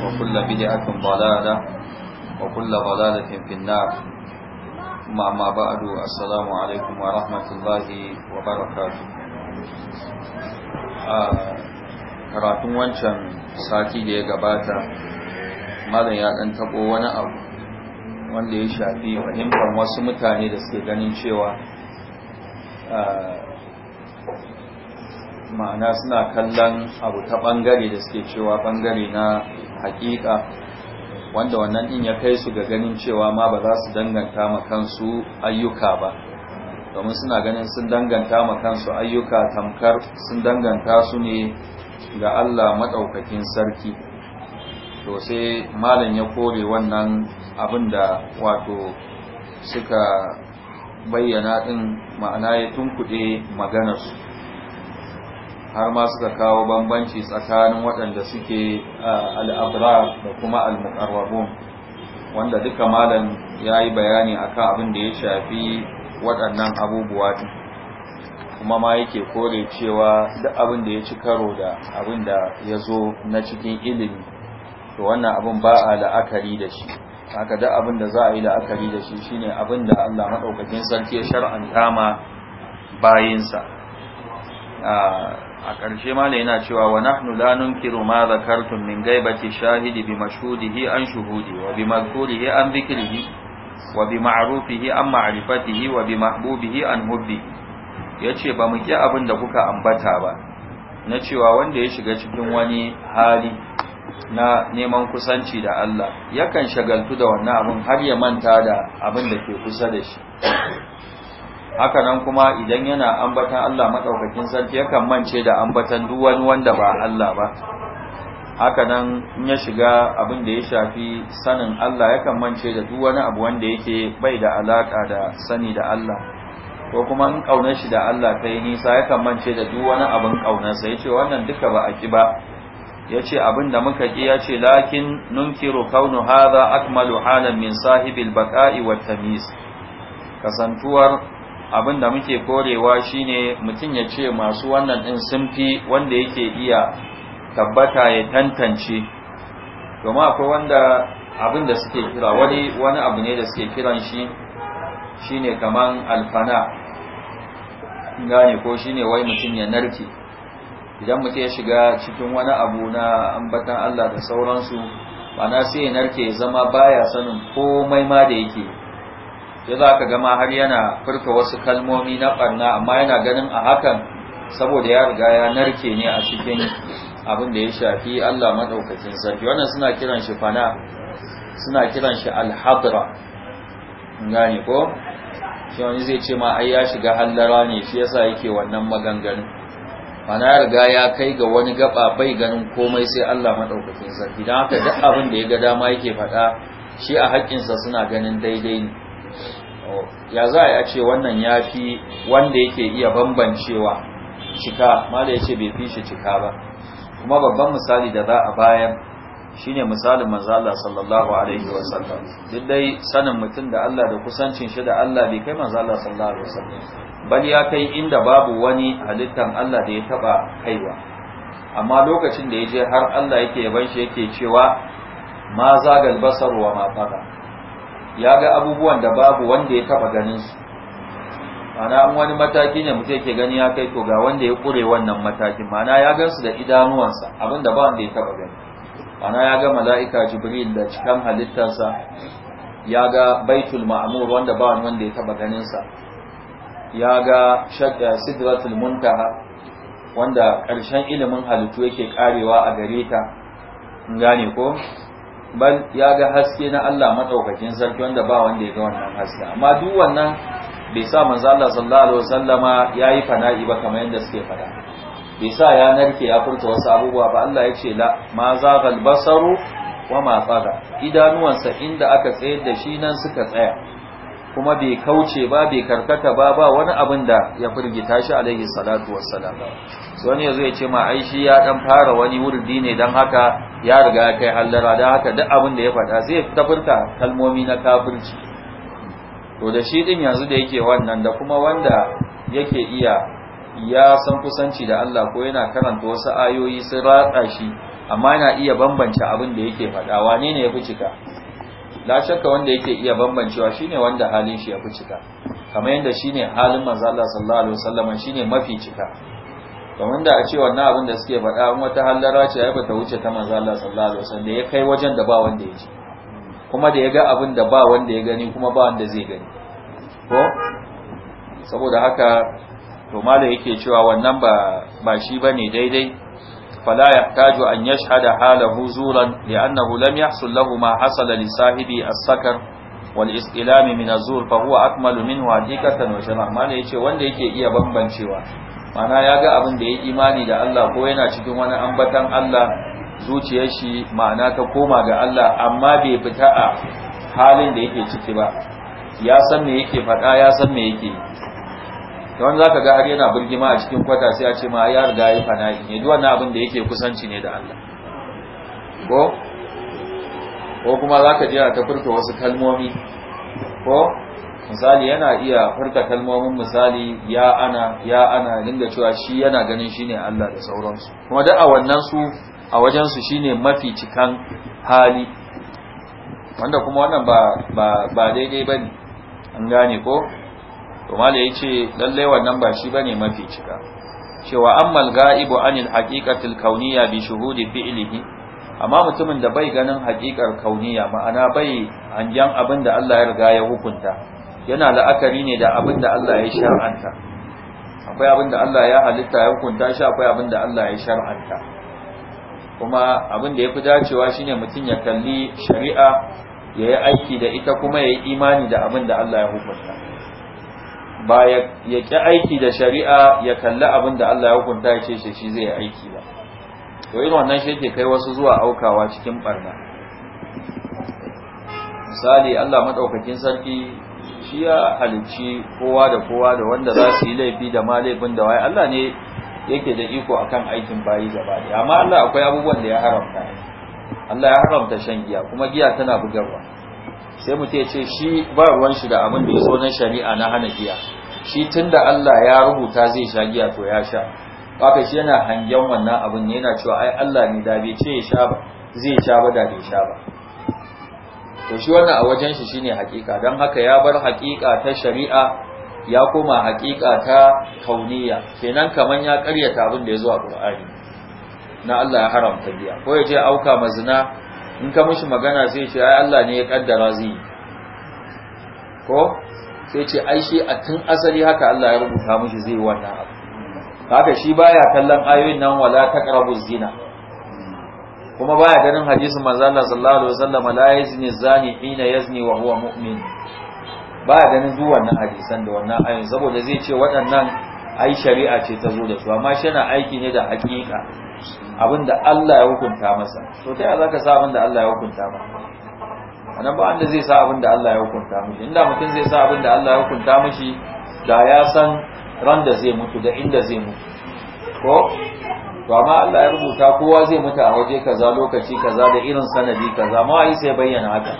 وكل بدعة ضلالة وكل ضلالة في النار ثم ما بعد السلام عليكم ورحمة الله وبركاته karatun wancan sati da ya gabata malam ya ɗan taɓo wani abu wanda ya shafi fahimtar wasu mutane da suke ganin cewa ma'ana suna kallon abu ta ɓangare da suke cewa bangare na haƙiƙa wanda wannan din ya kai su ga ganin cewa ma ba za su danganta ma kansu ayyuka ba domin suna ganin sun danganta ma kansu ayyuka tamkar sun danganta su ne ga Allah maɗaukakin sarki to sai malam ya kore wannan abin da wato suka bayyana din ma'ana ya tunkuɗe maganarsu har ma suka kawo bambanci tsakanin waɗanda suke al'abra da kuma al wanda duka malam ya yi bayani a akan abin da ya shafi waɗannan abubuwa kuma ma yake kore cewa duk abin da ya ci karo da abin da ya zo na cikin ilimi to wannan abin ba a la'akari da shi haka duk abin da za a yi la'akari da shi shine abin da Allah maɗaukakin sarki ya shar'anta ma bayinsa a ƙarshe ma yana cewa wa nahnu la nunkiru ma zakartum min gaibati shahidi bi mashhudihi an shuhudi wa bi madhkurihi an dhikrihi wa bi ma'rufihi an ma'rifatihi wa bi mahbubihi an hubbi yace ba mu ki abin da kuka ambata ba na cewa wanda ya shiga cikin wani hali na neman kusanci da Allah yakan shagaltu da wannan abin har ya manta da abin da ke kusa da shi Hakanan kuma idan yana ambatan Allah madaukakin sarki yakan mance da ambatan duk wani wanda ba Allah ba haka nan in ya shiga abin da ya shafi sanin Allah yakan mance da duk wani abu wanda yake bai da alaka da sani da Allah ko kuma in kaunar shi da Allah ta yi nisa yakan mance da duk wani abin sai ya ce wannan duka ba a ki ba ya ce abin da muka ki ya ce lakin nunkiru kaunu haza akmalu halan min sahibil baka'i wat kasantuwar abin da muke korewa shine mutum ya ce masu wannan din sun fi wanda yake iya tabbata ya tantance domin akwai wanda abin da suke kira wani wani abu ne da suke kiran shi shine kaman alfana gane ko shine wai mutum ya narke idan mutum ya shiga cikin wani abu na ambatan Allah da sauransu ba na sai ya narke zama baya sanin komai ma da yake ya za ka gama har yana furta wasu kalmomi na ɓarna amma yana ganin a hakan saboda ya riga ya narke ne a cikin abin da ya shafi Allah maɗaukacin sarki wannan suna kiran shi fana suna kiran shi alhadra gane ko shi wani zai ce ma ai ya shiga hallara ne shi yasa yake wannan maganganu. fana ya riga ya kai ga wani gaba bai ganin komai sai Allah maɗaukacin sarki don haka duk abin da ya ga dama yake faɗa shi a haƙƙinsa suna ganin daidai ne ya za a ce wannan ya fi wanda yake iya bambancewa cika da ya ce bai fi shi cika ba kuma babban misali da za a bayan ne misalin maza sallallahu alaihi wasallam duk dai sanin mutum da Allah da kusancin shi da Allah bai kai maza sallallahu alaihi wasallam bal ya kai inda babu wani halittan Allah da ya taba kaiwa amma lokacin da ya je har Allah yake yaban shi yake cewa ma zagal basar wa ma fada ya ga abubuwan da babu wanda ya taba ganin su ana an wani mataki ne mutum yake gani ya kai to ga wanda ya kure wannan matakin mana ya gan su da idanuwansa abin da ba wanda ya taba gani mana ya ga mala'ika jibril da cikan halittarsa ya ga baitul ma'mur wanda ba wanda ya taba ganin sa ya ga eh, sidratul muntaha wanda ƙarshen ilimin halittu yake karewa a gare ta gane ko bal ya ga haske na Allah madaukakin sarki wanda ba wanda ya ga wannan haske amma duk wannan bai sa manzo Allah sallallahu alaihi wasallama yayi fana'i ba kamar yadda suke fada bai sa ya narke ya furta wasu abubuwa ba Allah ya ce la ma zaghal basaru wa ma tsaga idanuwansa inda aka tsayar da shi nan suka tsaya kuma bai kauce ba bai karkata ba ba wani abin da ya firgita shi alaihi salatu wassalam wani yazo ya ce ma ai shi ya dan fara wani wurdi ne dan haka ya riga ya kai hallara dan haka duk abin da ya faɗa sai ya tafurta kalmomi na kafirci to da shi din yanzu da yake wannan da kuma wanda yake iya ya san kusanci da Allah ko yana karanta wasu ayoyi sun ratsa shi amma yana iya bambance abin da yake faɗa wane ne ya fi cika la shakka wanda yake iya bambancewa shine wanda halin shi ya fi cika kamar yadda shine halin manzo Allah sallallahu alaihi wasallam shine mafi cika domin da a ce wannan abin da suke faɗa in wata hallara ce ai bata wuce ta manzo Allah sallallahu alaihi wasallam da ya kai wajen da ba wanda ya ji kuma da ya ga abin da ba wanda ya gani kuma ba wanda zai gani ko saboda haka to malai yake cewa wannan ba ba shi bane daidai فلا يحتاج أن يشهد حاله زورا لأنه لم يحصل له ما حصل لصاحب السكر والاستلام من الزور فهو أكمل منه حقيقة وجمع ما يجي wanda yake iya bambancewa ya ga abin da yi imani da Allah ko yana cikin wani ambatan Allah zuciyar shi ma'ana ta koma ga Allah amma bai fita a halin da yake ciki ba ya san me yake faɗa ya san me yake da wani zaka ga har yana birgima a cikin kwata sai a ce ma ya riga yi fana'i ne duk wannan abin da yake kusanci ne da Allah ko ko kuma zaka je a ta furta wasu kalmomi ko misali yana iya furta kalmomin misali ya ana ya ana dinga cewa shi yana ganin shine Allah da sauransu kuma da'a a wannan su a wajen su shine mafi cikan hali wanda kuma wannan ba ba ba daidai bane an gane ko to ya yace lalle wannan ba shi bane mafi cika cewa ammal ga'ibu anil haqiqatil kauniya bi shuhudi fi'lihi amma mutumin da bai ganin haqiqar kauniya ma'ana bai hanjan abin da Allah ya riga ya hukunta yana la'akari ne da abin da Allah ya shar'anta akwai abin da Allah ya halitta ya hukunta shi akwai abin da Allah ya shar'anta kuma abin da fi dacewa shine mutum ya kalli shari'a ya yi aiki da ita kuma ya yi imani da abin da Allah ya hukunta ba ya ƙi aiki da shari'a ya kalli abin da Allah ya hukunta ya ce shi zai aiki ba to irin wannan shi yake kai wasu zuwa aukawa cikin barna misali Allah madaukakin sarki shi ya halicci kowa da kowa da wanda za su yi laifi da ma laifin da waye Allah ne yake da iko akan aikin bayi gaba amma Allah akwai abubuwan da ya haramta Allah ya haramta shan giya kuma giya tana bugarwa sai mu ya ce shi ba ruwan shi da abin da ya zo na shari'a na hana giya shi tunda Allah ya rubuta zai sha giya to ya sha haka shi yana hangen wannan abin ne yana cewa ai Allah ne da bai ce ya sha ba zai sha ba da bai sha ba to shi wannan a wajen shi shine hakika dan haka ya bar hakika ta shari'a ya koma haƙiƙa ta kauniya kenan kaman ya karyata abin da ya zo a Qur'ani na Allah ya haramta giya ko ya je auka mazina in ka mishi magana sai ce ai Allah ne ya kaddara zai yi.' ko sai ce ai shi a tun asali haka Allah ya rubuta mishi zai yi wannan abu haka shi baya kallon ayoyin nan wala taqrabu zina kuma baya ganin hadisin manzo Allah sallallahu alaihi wasallam la yazni zani ina yazni wa huwa mu'min baya ganin duk wannan hadisan da wannan ayoyin saboda zai ce waɗannan ai shari'a ce ta zo da su amma shi na aiki ne da hakika abin da Allah ya hukunta masa to ta yaya za ka sa abin da Allah ya hukunta ba wannan ba wanda zai sa abin da Allah ya hukunta miki, inda mutum zai sa abin da Allah ya hukunta miki da ya san ran da zai mutu da inda zai mutu ko to amma Allah ya rubuta kowa zai mutu a waje kaza lokaci kaza da irin sanadi kaza ma ai sai bayyana haka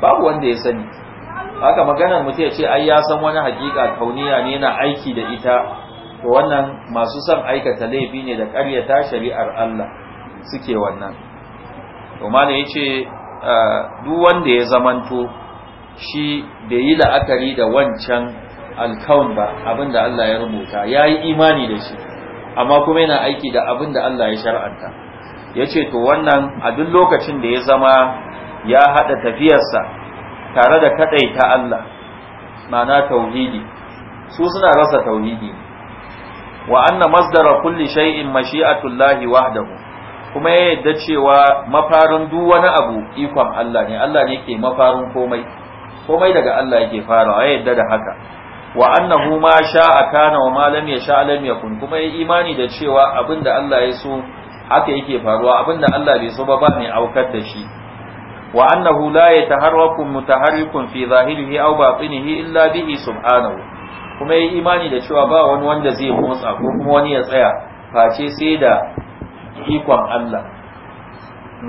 babu wanda ya sani haka maganar mutum ya ce ai ya san wani hakika kauniya ne na aiki da ita to wannan masu son aikata laifi ne da ta shari'ar Allah suke wannan to mana yace ah, duk wanda ya zamanto shi bai yi la'akari da wancan alkaun ba abinda Allah ya rubuta yayi imani da shi amma kuma yana aiki da abinda Allah ya shar'anta yace to wannan a duk lokacin da ya zama ya hada tafiyarsa tare da kadaita Allah mana tauhidi su suna rasa tauhidi wa anna masdara kulli shay'in mashi'atullahi wahdahu kuma ya yadda cewa mafarin duk wani abu ikon Allah ne Allah ne ke mafarin komai komai daga Allah yake farawa ya yadda da haka wa annahu ma sha'a kana wa ma lam yasha lam yakun kuma ya imani da cewa abinda Allah ya so haka yake faruwa abinda Allah bai so ba ba mai aukar da shi wa annahu la yataharraku mutaharrikun fi zahirihi aw batinihi illa bihi subhanahu kuma ya yi imani da cewa ba wani wanda zai motsa ko kuma wani ya tsaya face sai da ikon Allah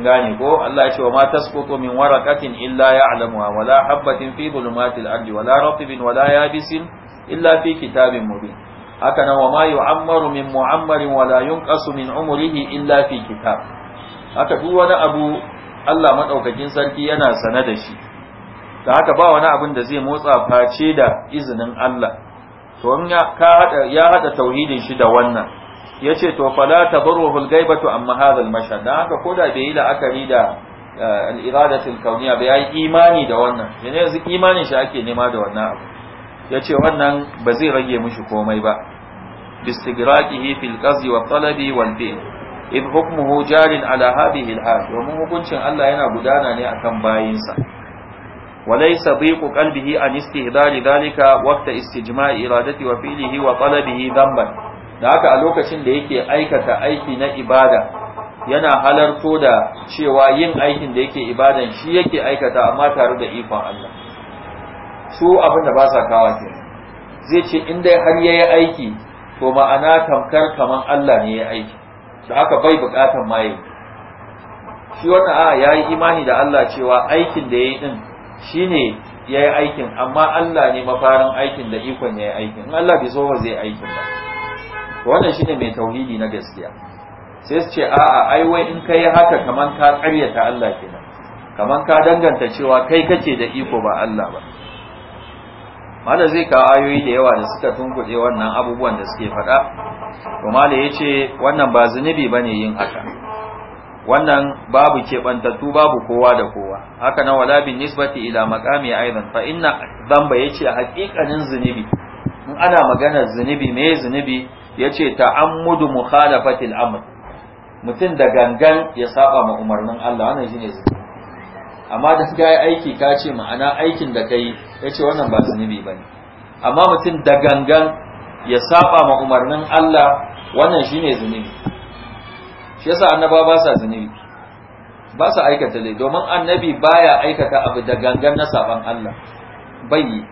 gane ko Allah ya ce wa ma tasqutu min waraqatin illa ya'lamuha wa la habatin fi dhulumatil ardi wala la ratbin wa la yabisin illa fi kitabin mubin haka nan wa ma yu'ammaru min mu'ammarin wa la yunqasu min umrihi illa fi kitab haka duk wani abu Allah madaukakin sarki yana sane da shi da haka ba wani abin da zai motsa face da izinin Allah to in ya hada ya hada tauhidin shi da wannan yace to fala tabarruhul ghaibatu amma hadha al-mashhad dan haka koda bai yi la'akari da eh, al-iradatul kauniyya bai yi imani da wannan yana yanzu imanin shi ake nema da wannan abu yace wannan ba zai rage mishi komai ba bistigraqihi fil qazdi wa talabi wal fi'l in hukmuhu jarin ala hadhihi al wa hukuncin Allah yana gudana ne akan bayinsa وليس ضيق قلبه عن استهدار ذلك وقت استجماع إرادته وفعله وطلبه ذنبا da haka a lokacin da yake aikata aiki na ibada yana halarto da cewa yin aikin da yake ibadan shi yake aikata amma tare da ikon Allah su abin da ba sa zai ce in dai har yayi aiki to ma'ana tamkar kaman Allah ne ya aiki da haka bai bukatan ma yi shi wannan a yayi imani da Allah cewa aikin da yayi din Shi ne ya yi aikin amma Allah ne mafarin aikin da ikon ya yi aikin in Allah bai so ba zai aikin ba wannan ne mai tauhidi na gaskiya sai su ce a'a ai wai in yi haka kamar ka karyata Allah kenan kaman ka danganta cewa kai kake da iko ba Allah ba mala zai kawo ayoyi da yawa da suka tunkuɗe wannan abubuwan da suke faɗa da ya ce, wannan ba zunubi ne yin haka wannan babu keɓantattu babu kowa da kowa haka na wala bin nisbati ila maqami aidan fa inna dhanba yace haƙiƙanin zunubi in ana maganar zunubi me zunubi yace ta'ammudu al amr mutum da gangan ya saba ma umarnin Allah wannan shine zunubi amma da kai aiki ka ce ma'ana aikin da kai yace wannan ba zunubi bane amma mutum da gangan ya saba ma umarnin Allah wannan shine zunubi shi yasa annaba ba sa zunubi ba sa aikata dai domin annabi baya aikata abu da gangan na saban Allah bai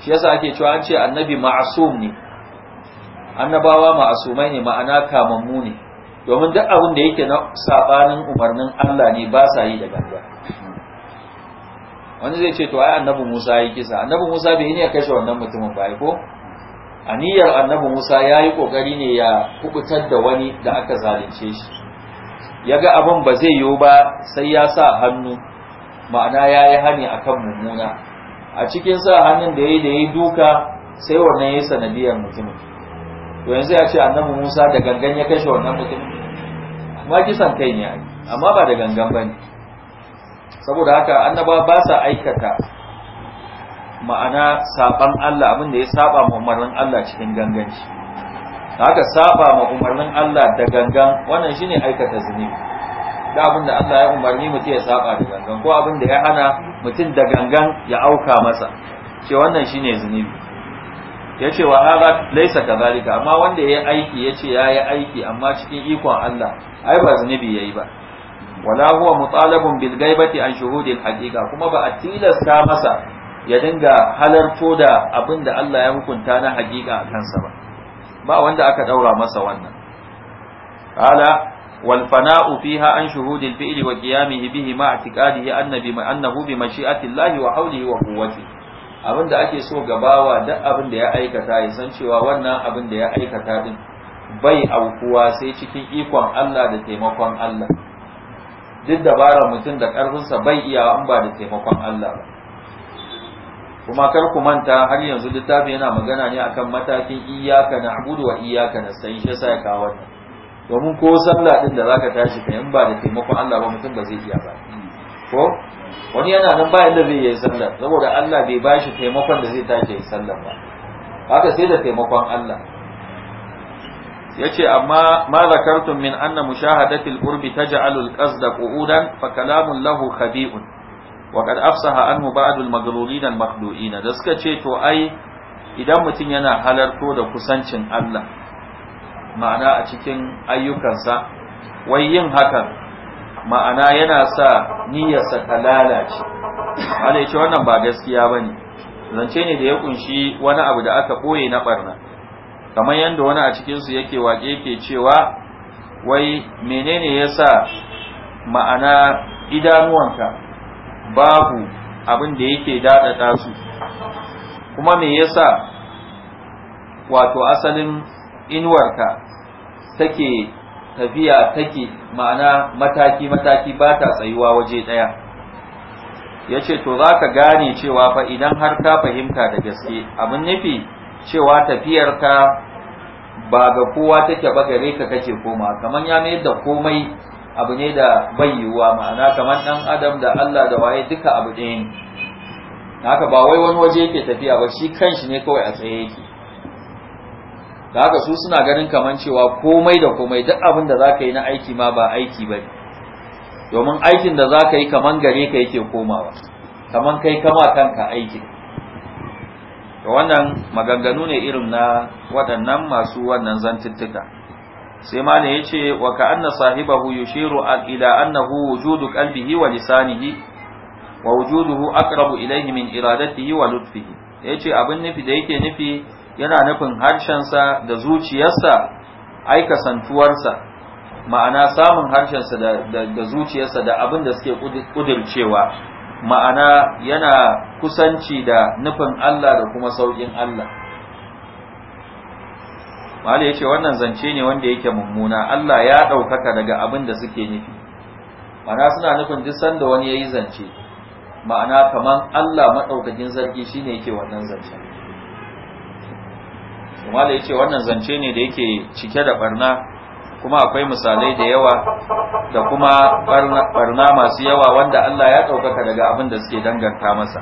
shi yasa ake cewa an ce annabi ma'asum ne annabawa ma'asumai ne ma'ana kamammu ne domin duk abin da yake na sabanin umarnin Allah ne ba sa yi da gangan wani zai ce to ai annabi Musa yi kisa annabi Musa bai ne ya kashe wannan mutumin ba ko aniyar annabi Musa ya yi ƙoƙari ne ya kubutar da wani da aka zalunce shi ya ga abin ba zai yiwu ba sai ya sa hannu ma'ana ya yi hani a kan mummuna a cikin sa hannun da ya yi da ya duka sai wannan ya yi sanadiyar mutumin to yanzu ya ce annabi Musa da gangan ya kashe wannan mutumin ma kisan kai ne amma ba da gangan ba ne saboda haka annaba ba sa aikata ma'ana saban Allah abin da ya saba ma umarnin Allah cikin ganganci haka saba ma umarnin Allah da gangan wannan shine aikata zunubi da abin da Allah ya umarni mutum ya saba da gangan ko abin da ya hana mutum da gangan ya auka masa ce wannan shine zunubi ya ce wa hada laisa kadhalika amma wanda yayi aiki yace yayi aiki amma cikin ikon Allah ai ba zunubi yayi ba wala huwa mutalabun bil ghaibati an shuhudil haqiqa kuma ba a tilasta masa ya dinga halarto da abin da Allah ya hukunta na hakika a kansa ba ba wanda aka daura masa wannan qala wal fana'u fiha an shuhudil fi'li wa qiyamihi bihi ma i'tiqadihi annabi ma annahu bi mashi'ati wa hawlihi wa quwwati abin da ake so gabawa duk abin da ya aikata ya san cewa wannan abin da ya aikata din bai aukuwa sai cikin ikon Allah da taimakon Allah duk dabarar mutum da karfinsa bai iya in ba da taimakon Allah ba kuma kar ku manta har yanzu littafi yana magana ne akan matakin iyaka na abudu wa iyaka na sai shi yasa ya kawo wannan domin ko sallah din da zaka tashi ka ba da taimakon Allah ba mutum ba zai iya ba ko wani yana nan ba yadda zai yi sallah saboda Allah bai bashi taimakon da zai tashi yi sallah ba haka sai da taimakon Allah yace amma ma zakartum min anna mushahadatil al-qurbi taj'alu al-qasda qu'udan fa kalamun lahu khabi'un waƙar أفسها عنه بعض المغلولين المخلوقين da suka ce to ai idan mutum yana halarto da kusancin Allah ma'ana a cikin ayyukansa wai yin hakan ma'ana yana sa niyyarsa ta lalace Allah ya ce wannan ba gaskiya bane zance ne da ya kunshi wani abu da aka ɓoye na ɓarna. kamar yadda wani a cikinsu yake waƙe ke cewa wai menene ya sa ma'ana idanuwanka babu abin da yake daɗaɗa su kuma me yasa wato asalin inuwarka take tafiya take ma'ana mataki-mataki ba ta tsayuwa waje ɗaya ya ce to za ka gane cewa fa idan har ka fahimta da gaske abin nufi cewa tafiyarka ba ga kowa take ba gare ka kake koma kamar ya mayar da komai abu ne da bayyuwa yiwuwa ma'ana kamar dan adam da Allah da waye duka abu ɗaya ne haka ba wai wani waje yake tafiya ba shi kanshi ne kawai a tsaye yake da haka su suna ganin kamar cewa komai da komai duk abin da zaka yi na aiki ma ba aiki ba domin aikin da zaka yi kamar gare ka yake komawa kamar kai kama kanka aiki to wannan maganganu ne irin na waɗannan masu wannan zantuttuka sai ma ya yace wa ka anna sahibahu yushiru ila annahu wujudu qalbihi wa lisanihi wa wujuduhu aqrabu ilayhi min iradatihi wa lutfihi yace abin nufi da yake nufi yana nufin harshen sa da zuciyarsa ai sa. ma'ana samun harshensa da, da, zuciyarsa da abin da suke kudircewa ma'ana yana kusanci da nufin Allah da kuma saukin Allah ya ce wannan zance ne wanda yake mummuna Allah ya ɗaukaka daga abin da suke nufi ma'ana suna nufin duk sanda wani ya yi zance ma'ana kamar Allah madaukakin shi shine yake wannan zance ya ce wannan zance ne da yake cike da barna kuma akwai misalai da yawa da kuma barna masu yawa wanda Allah ya ɗaukaka daga abin da suke danganta masa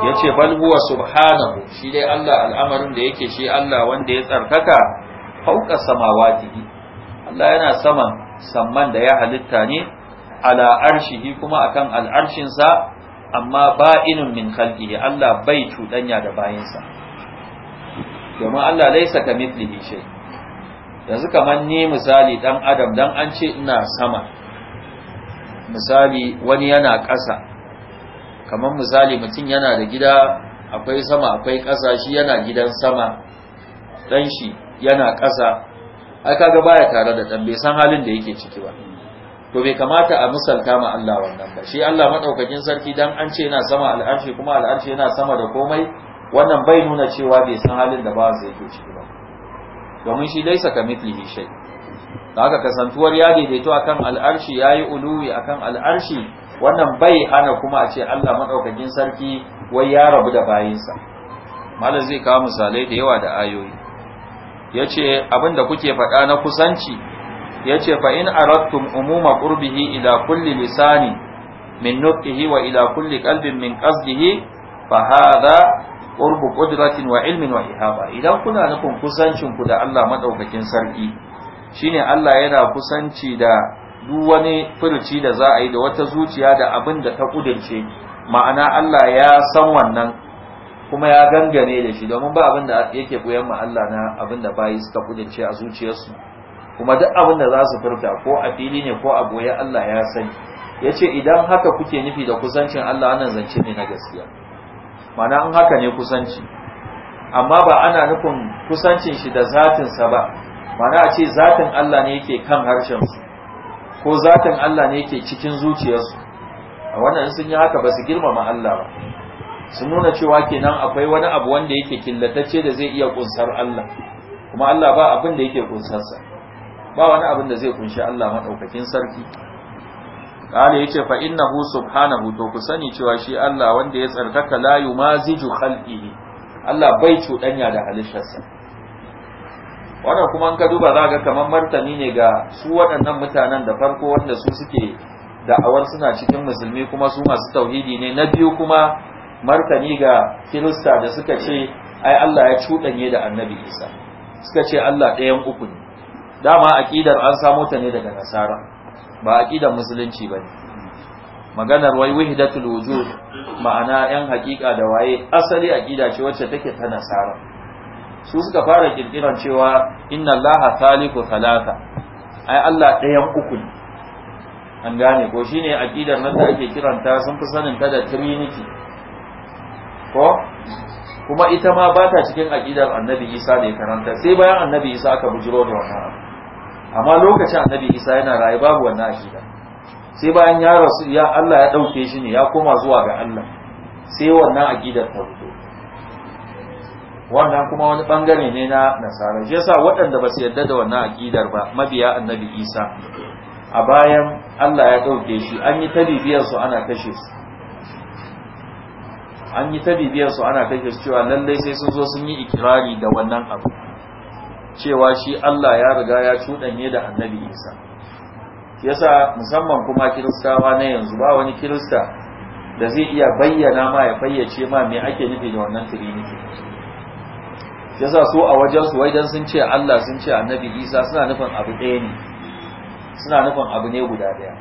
ya ce balbuwa subhanahu shi dai Allah al'amarin da yake shi Allah wanda ya tsarkaka fauka samawatihi Allah yana saman samman da ya halitta ne ala arshihi kuma akan al'arshinsa amma ba'inun min khalqihi Allah bai cuɗanya da bayansa domin Allah laisa ka mithlihi shay yanzu kamar ni misali dan adam dan an ce ina sama misali wani yana ƙasa kamar misali mutum yana da gida akwai sama akwai ƙasa shi yana gidan sama dan shi yana ƙasa ai kaga baya tare da dan bai san halin da yake ciki ba to bai kamata a misalta ma Allah wannan ba shi Allah madaukakin sarki dan an ce yana sama al'arshi kuma al'arshi yana sama da komai wannan bai nuna cewa bai san halin da ba zai yake ciki ba domin shi laisa kamithlihi shay da haka kasantuwar ya daidaito akan al'arshi yayi uluwi akan al'arshi wannan bai ana kuma a ce Allah madaukakin sarki wai ya rabu da bayinsa malam zai kawo misalai da yawa da ayoyi ya ce abinda kuke faɗa na kusanci ya ce fa'in arattum umuma ƙurbihi ila kulli lisani min nufihi wa ila kulli kalbin min ƙasdihi fa haza ƙurbu ƙudratin wa ilmin wa ihaba idan kuna nufin kusancinku da Allah maɗaukakin sarki shine Allah yana kusanci da duk wani furuci da za a yi da wata zuciya da abin da ta ƙudirce ma'ana Allah ya san wannan kuma ya gangane da shi domin ba abin da yake goyon ma Allah na abin da bayi suka kudince a zuciyarsu kuma duk abin da za su furta ko a fili ne ko a goye Allah ya sani ya ce idan haka kuke nufi da kusancin Allah wannan zance ne na gaskiya mana an haka ne kusanci amma ba ana nufin kusancin shi da zatinsa ba mana a ce zatin Allah ne yake kan harshensu ko zatin Allah ne yake cikin zuciyarsu a wannan sun yi haka ba su girmama Allah ba Su nuna cewa kenan akwai wani abu wanda yake killatacce da zai iya kunsar Allah kuma Allah ba abin da yake kunsarsa ba wani abin da zai kunshi Allah maɗaukakin sarki kale yace fa innahu subhanahu to ku sani cewa shi Allah wanda ya tsarkaka la yumaziju khalqihi Allah bai cuɗanya da halittarsa wannan kuma an ka duba za ga kamar martani ne ga su waɗannan mutanen da farko wanda su suke da'awar suna cikin musulmi kuma su masu tauhidi ne na biyu kuma martani ga kirista da suka ce ai Allah ya cuɗanye da annabi isa suka ce Allah ɗayan uku ne dama aƙidar an samo ta ne daga nasara ba aƙidar musulunci ba ne maganar wai wahdatul wujud ma'ana yan haƙiƙa da waye asali aƙida ce wacce take ta nasara su suka fara kirkiran cewa inna allaha thaliku thalatha ai Allah ɗayan uku ne an gane ko shine aqidar nan da ake kiranta sun fi sanin ta da trinity ko kuma ita ma ba ta cikin aqidar annabi isa ne karanta sai bayan annabi isa aka bujiro da wannan abu amma lokacin annabi isa yana rayu babu wannan aqida sai bayan ya rasu ya Allah ya ɗauke shi ne ya koma zuwa ga Allah sai wannan aƙidar ta fito wannan kuma wani bangare ne na nasara shi yasa waɗanda ba su yarda da wannan aƙidar ba mabiya annabi isa a bayan Allah ya ɗauke shi an yi ta bibiyar su ana kashe su an yi ta bibiyar su ana kai cewa lallai sai sun zo sun yi ikirari da wannan abu cewa shi Allah ya riga ya cuɗanye da annabi Isa yasa musamman kuma kiristawa na yanzu ba wani kirista da zai iya bayyana ma ya fayyace ma me ake nufi da wannan trinity yasa so a wajen su wajen sun ce Allah sun ce annabi Isa suna nufin abu ɗaya ne suna nufin abu ne guda ɗaya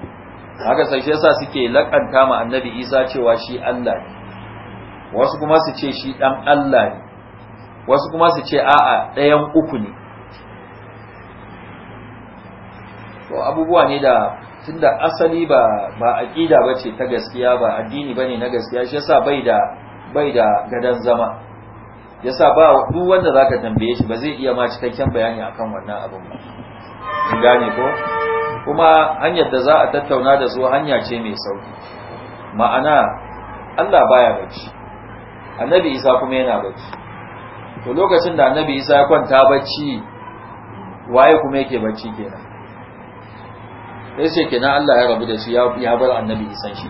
haka sai yasa suke lakanta ma annabi Isa cewa shi Allah ne wasu kuma su ce shi ɗan Allah ne wasu kuma su ce a'a ɗayan uku ne to abubuwa ne da tunda asali ba ba aqida bace ta gaskiya ba addini bane na gaskiya shi yasa bai da bai da gadan zama yasa ba duk wanda zaka tambaye shi ba zai iya ma cikakken bayani akan wannan abin ba kin gane ko kuma hanyar da za a tattauna da su hanya ce mai sauki ma'ana Allah baya bacci annabi isa kuma yana bacci to lokacin da annabi isa ya kwanta bacci waye kuma yake bacci kenan sai sai kenan Allah ya rabu da shi ya bar annabi isa shi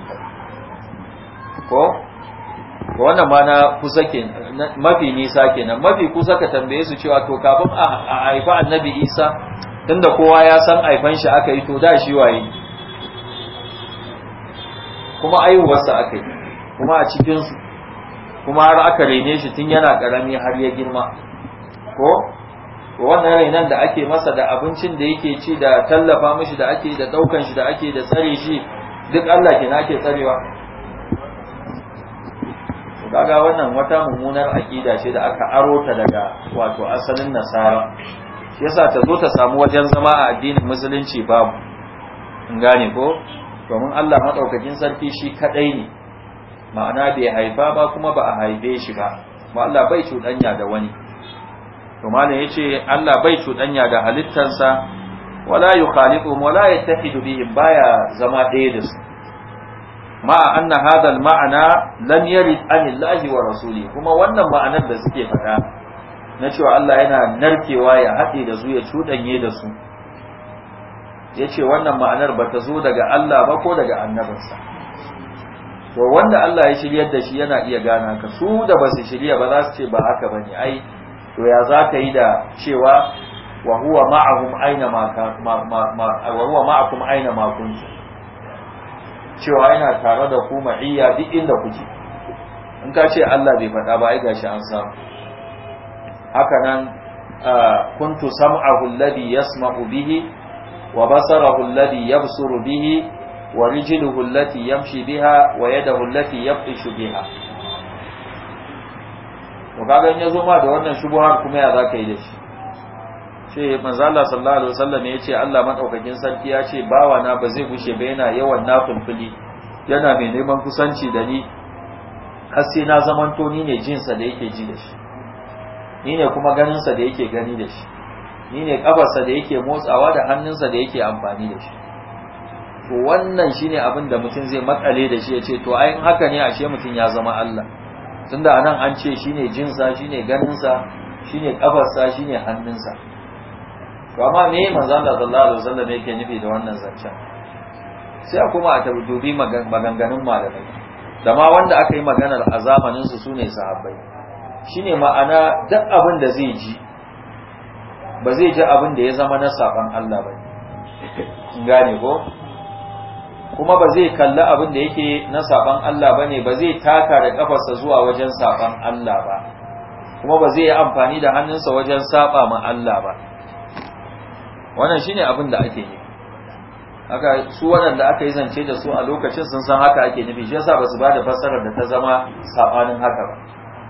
ko wannan ma na kusa ke mafi nisa kenan mafi kusa ka tambaye su cewa to kafin a haifa annabi isa tunda kowa ya san haifan shi aka yi to da shi waye kuma sa aka yi kuma a cikinsu kuma har aka rene shi tun yana karami har ya girma ko wannan rainan da ake masa da abincin da yake ci da tallafa mishi da ake da daukan shi da ake da tsare shi duk Allah ke ake tsarewa daga wannan wata mummunar aƙida ce da aka aro ta daga wato asalin nasara shi yasa ta zo ta samu wajen zama a addinin musulunci babu in gane ko domin Allah madaukakin sarki shi kaɗai ne ma'ana bai haifa ba kuma ba a haife shi ba ma Allah bai cuɗanya da wani to malam yace Allah bai cuɗanya da halittansa wala yukhaliquhum wala yattahidu bihim baya zama ɗaya da su ma anna hadha al-ma'na lam yarid an Allah wa rasuli kuma wannan ma'anar da suke faɗa na cewa Allah yana narkewa ya haɗe da su ya cuɗanye da su yace wannan ma'anar bata zo daga Allah ba ko daga annabinsa to wanda Allah ya shiryar da shi yana iya gane haka su da ba su shirya ba za su ce ba haka bane ai to ya za ka yi da cewa wa huwa ma'ahum aina ma wa huwa ma'akum aina ma cewa yana tare da ku ma'iyya duk inda kuke in ka ce Allah bai faɗa ba ai gashi an samu haka nan kuntu sam'ahu alladhi yasma'u bihi wa basarahu alladhi yabsuru bihi wa rijluhu allati yamshi biha wa yadahu allati yabtishu biha to kaga in yazo ma da wannan shubuhar kuma ya zaka yi da shi shi manzo Allah sallallahu alaihi wasallam ya ce Allah madaukakin sarki ya ce bawa na ba zai gushe ba yana yawan nafulfuli yana mai neman kusanci da ni har sai na zamanto ni ne jinsa da yake ji da shi ni ne kuma ganinsa da yake gani da shi ni ne kafarsa da yake motsawa da hannunsa da yake amfani da shi to wannan shine abin da mutum zai matsale da shi ya ce to ayin haka ne ashe mutum ya zama Allah tunda anan an ce shine jinsa shine ganinsa shine kafarsa shine hannunsa to amma me manzo Allah sallallahu alaihi wasallam yake nufi da wannan zancen sai kuma a tabdubi maganganun malamai da ma wanda aka yi maganar a zamanin su sune sahabbai shine ma'ana duk abin da zai ji ba zai ji abin da ya zama na saban Allah ba gane ko kuma ba zai kalli abin da yake na saban Allah ba ne ba zai taka da kafarsa zuwa wajen saban Allah ba kuma ba zai yi amfani da hannunsa wajen saba ma Allah ba wannan shine abin da ake yi haka su waɗanda aka yi zance da su a lokacin sun san haka ake nufi shi yasa ba su ba da fassarar da ta zama sabanin haka ba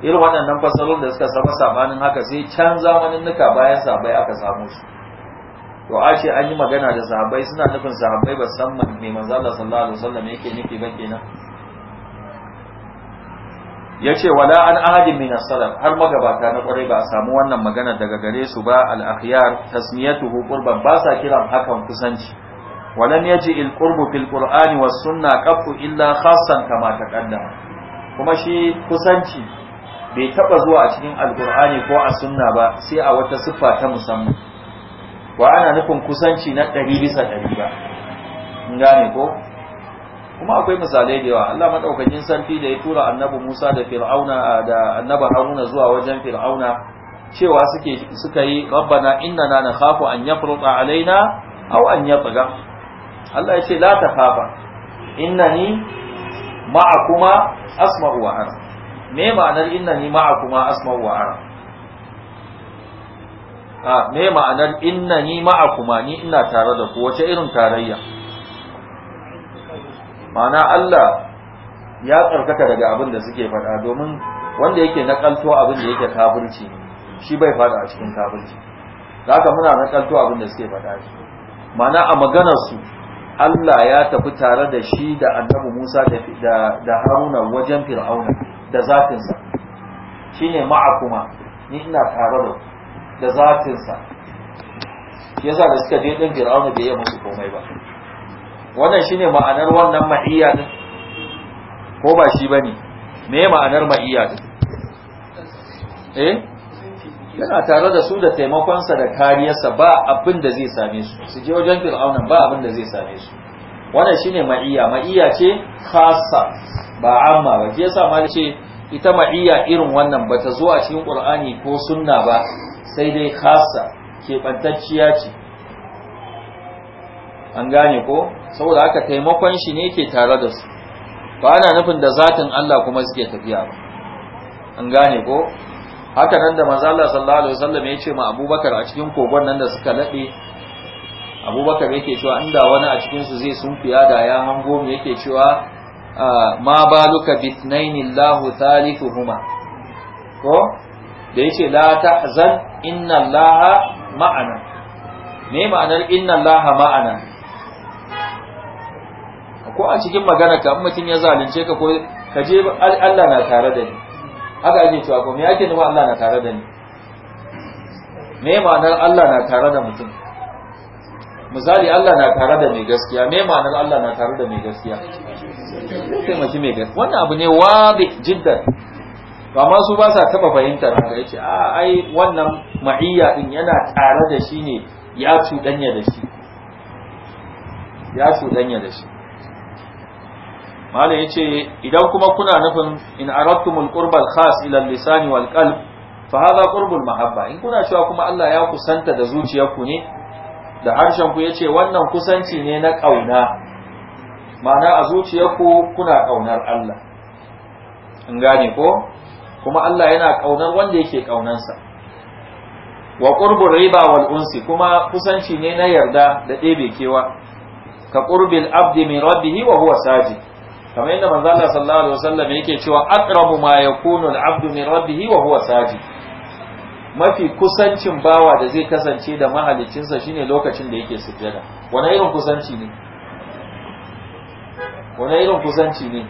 irin waɗannan fassarar da suka saba sabanin haka sai can zamanin nuka bayan sabai aka samu su to a ce an yi magana da sahabbai suna nufin sahabbai ba san mai manzo Allah sallallahu alaihi wasallam yake nufi ba kenan yace wala an ahadin min as-salaf har magabata na kwarai ba a samu wannan magana daga gare su ba al-akhyar tasmiyatuhu qurban ba sa kiran hakan kusanci walam yaji al-qurbu fil qur'ani was sunna qafu illa khassan kama taqaddama kuma shi kusanci bai taba zuwa a cikin alqur'ani ko a sunna ba sai a wata siffa ta musamman ba ana nufin kusanci na ɗari bisa ɗari ba in gane ko kuma akwai misalai da yawa Allah madaukakin sarki da ya tura annabi Musa da Fir'auna da annabi Haruna zuwa wajen Fir'auna cewa suke suka yi rabbana innana nakhafu an yafruta alaina aw an yatgha Allah ya ce la takhafa innani ma'akuma asma'u wa ara me ma'anar innani ma'akuma asma'u wa ara a me ma'anar inna ni ma'akuma ni ina tare da ku wace irin tarayya ma'ana Allah ya tsarkaka daga abin da suke faɗa domin wanda yake nakalto abin da yake kafirci shi bai faɗa a cikin kafirci zaka haka muna nakalto abin da suke faɗa shi ma'ana a maganar su Allah ya tafi tare da shi da annabi Musa da Haruna wajen Fir'auna da sa shine ma'akuma ni ina tare da ku da zatinsa yasa da suka je ɗin fir'auna bai yi musu komai ba wannan shine ma'anar wannan ma'iyya din ko ba shi bane me ma'anar ma'iyya din eh yana tare da su da taimakonsa da kariyarsa ba abin da zai same su su je wajen fir'aunan ba abin da zai same su wannan shine ma'iyya ma'iyya ce khassa ba amma ba ke yasa ma ce ita ma'iyya irin wannan ba ta zo a cikin ƙur'ani ko sunna ba sai dai khassa keɓantacciya ce an gane ko saboda haka taimakon shi ne ke tare da su ba ana nufin da zatin Allah kuma suke tafiya ba an gane ko haka nan da manzo Allah sallallahu alaihi wasallam ya ce ma Abubakar a cikin kogon nan da suka laɗe Abubakar yake cewa inda wani a cikin su zai sunfiya da ya hango yake cewa ma baluka bitnaini Allahu thalithuhuma ko da yace la tahzan inna Allaha ma'ana me ma'anar inna Allaha ma'ana ko a cikin magana ka mutum ya zalunce ka ko ka je Allah na tare da ni haka ake cewa ko me yake nuna Allah na tare da ni me ma'anar Allah na tare da mutum misali Allah na tare da mai gaskiya me ma'anar Allah na tare da mai gaskiya zai taimaki mai gaskiya wannan abu ne wadi jiddan ba ma su ba sa taba fahimtar haka yace a ai wannan ma'iyya din yana tare da shi ne ya cuɗanya da shi ya cuɗanya da shi malam yace idan kuma kuna nufin in aradtumul qurbal khas ila lisani wal qalb fa hadha qurbul mahabba in kuna cewa kuma Allah ya kusanta da zuciyarku ne da harshen ku ce wannan kusanci ne na ƙauna ma'ana a zuciyarku kuna ƙaunar Allah in gane ko kuma Allah yana ƙaunar wanda yake ƙaunansa wa qurbur riba wal unsi kuma kusanci ne na yarda da ɗebe kewa ka qurbil abdi min rabbihi wa huwa saji kamar yadda manzo Allah sallallahu alaihi wasallam yake cewa aqrabu ma yakunu al abdu min rabbihi wa huwa saji mafi kusancin bawa da zai kasance da mahalicinsa shine lokacin da yake sujjada wane irin kusanci ne wani irin kusanci ne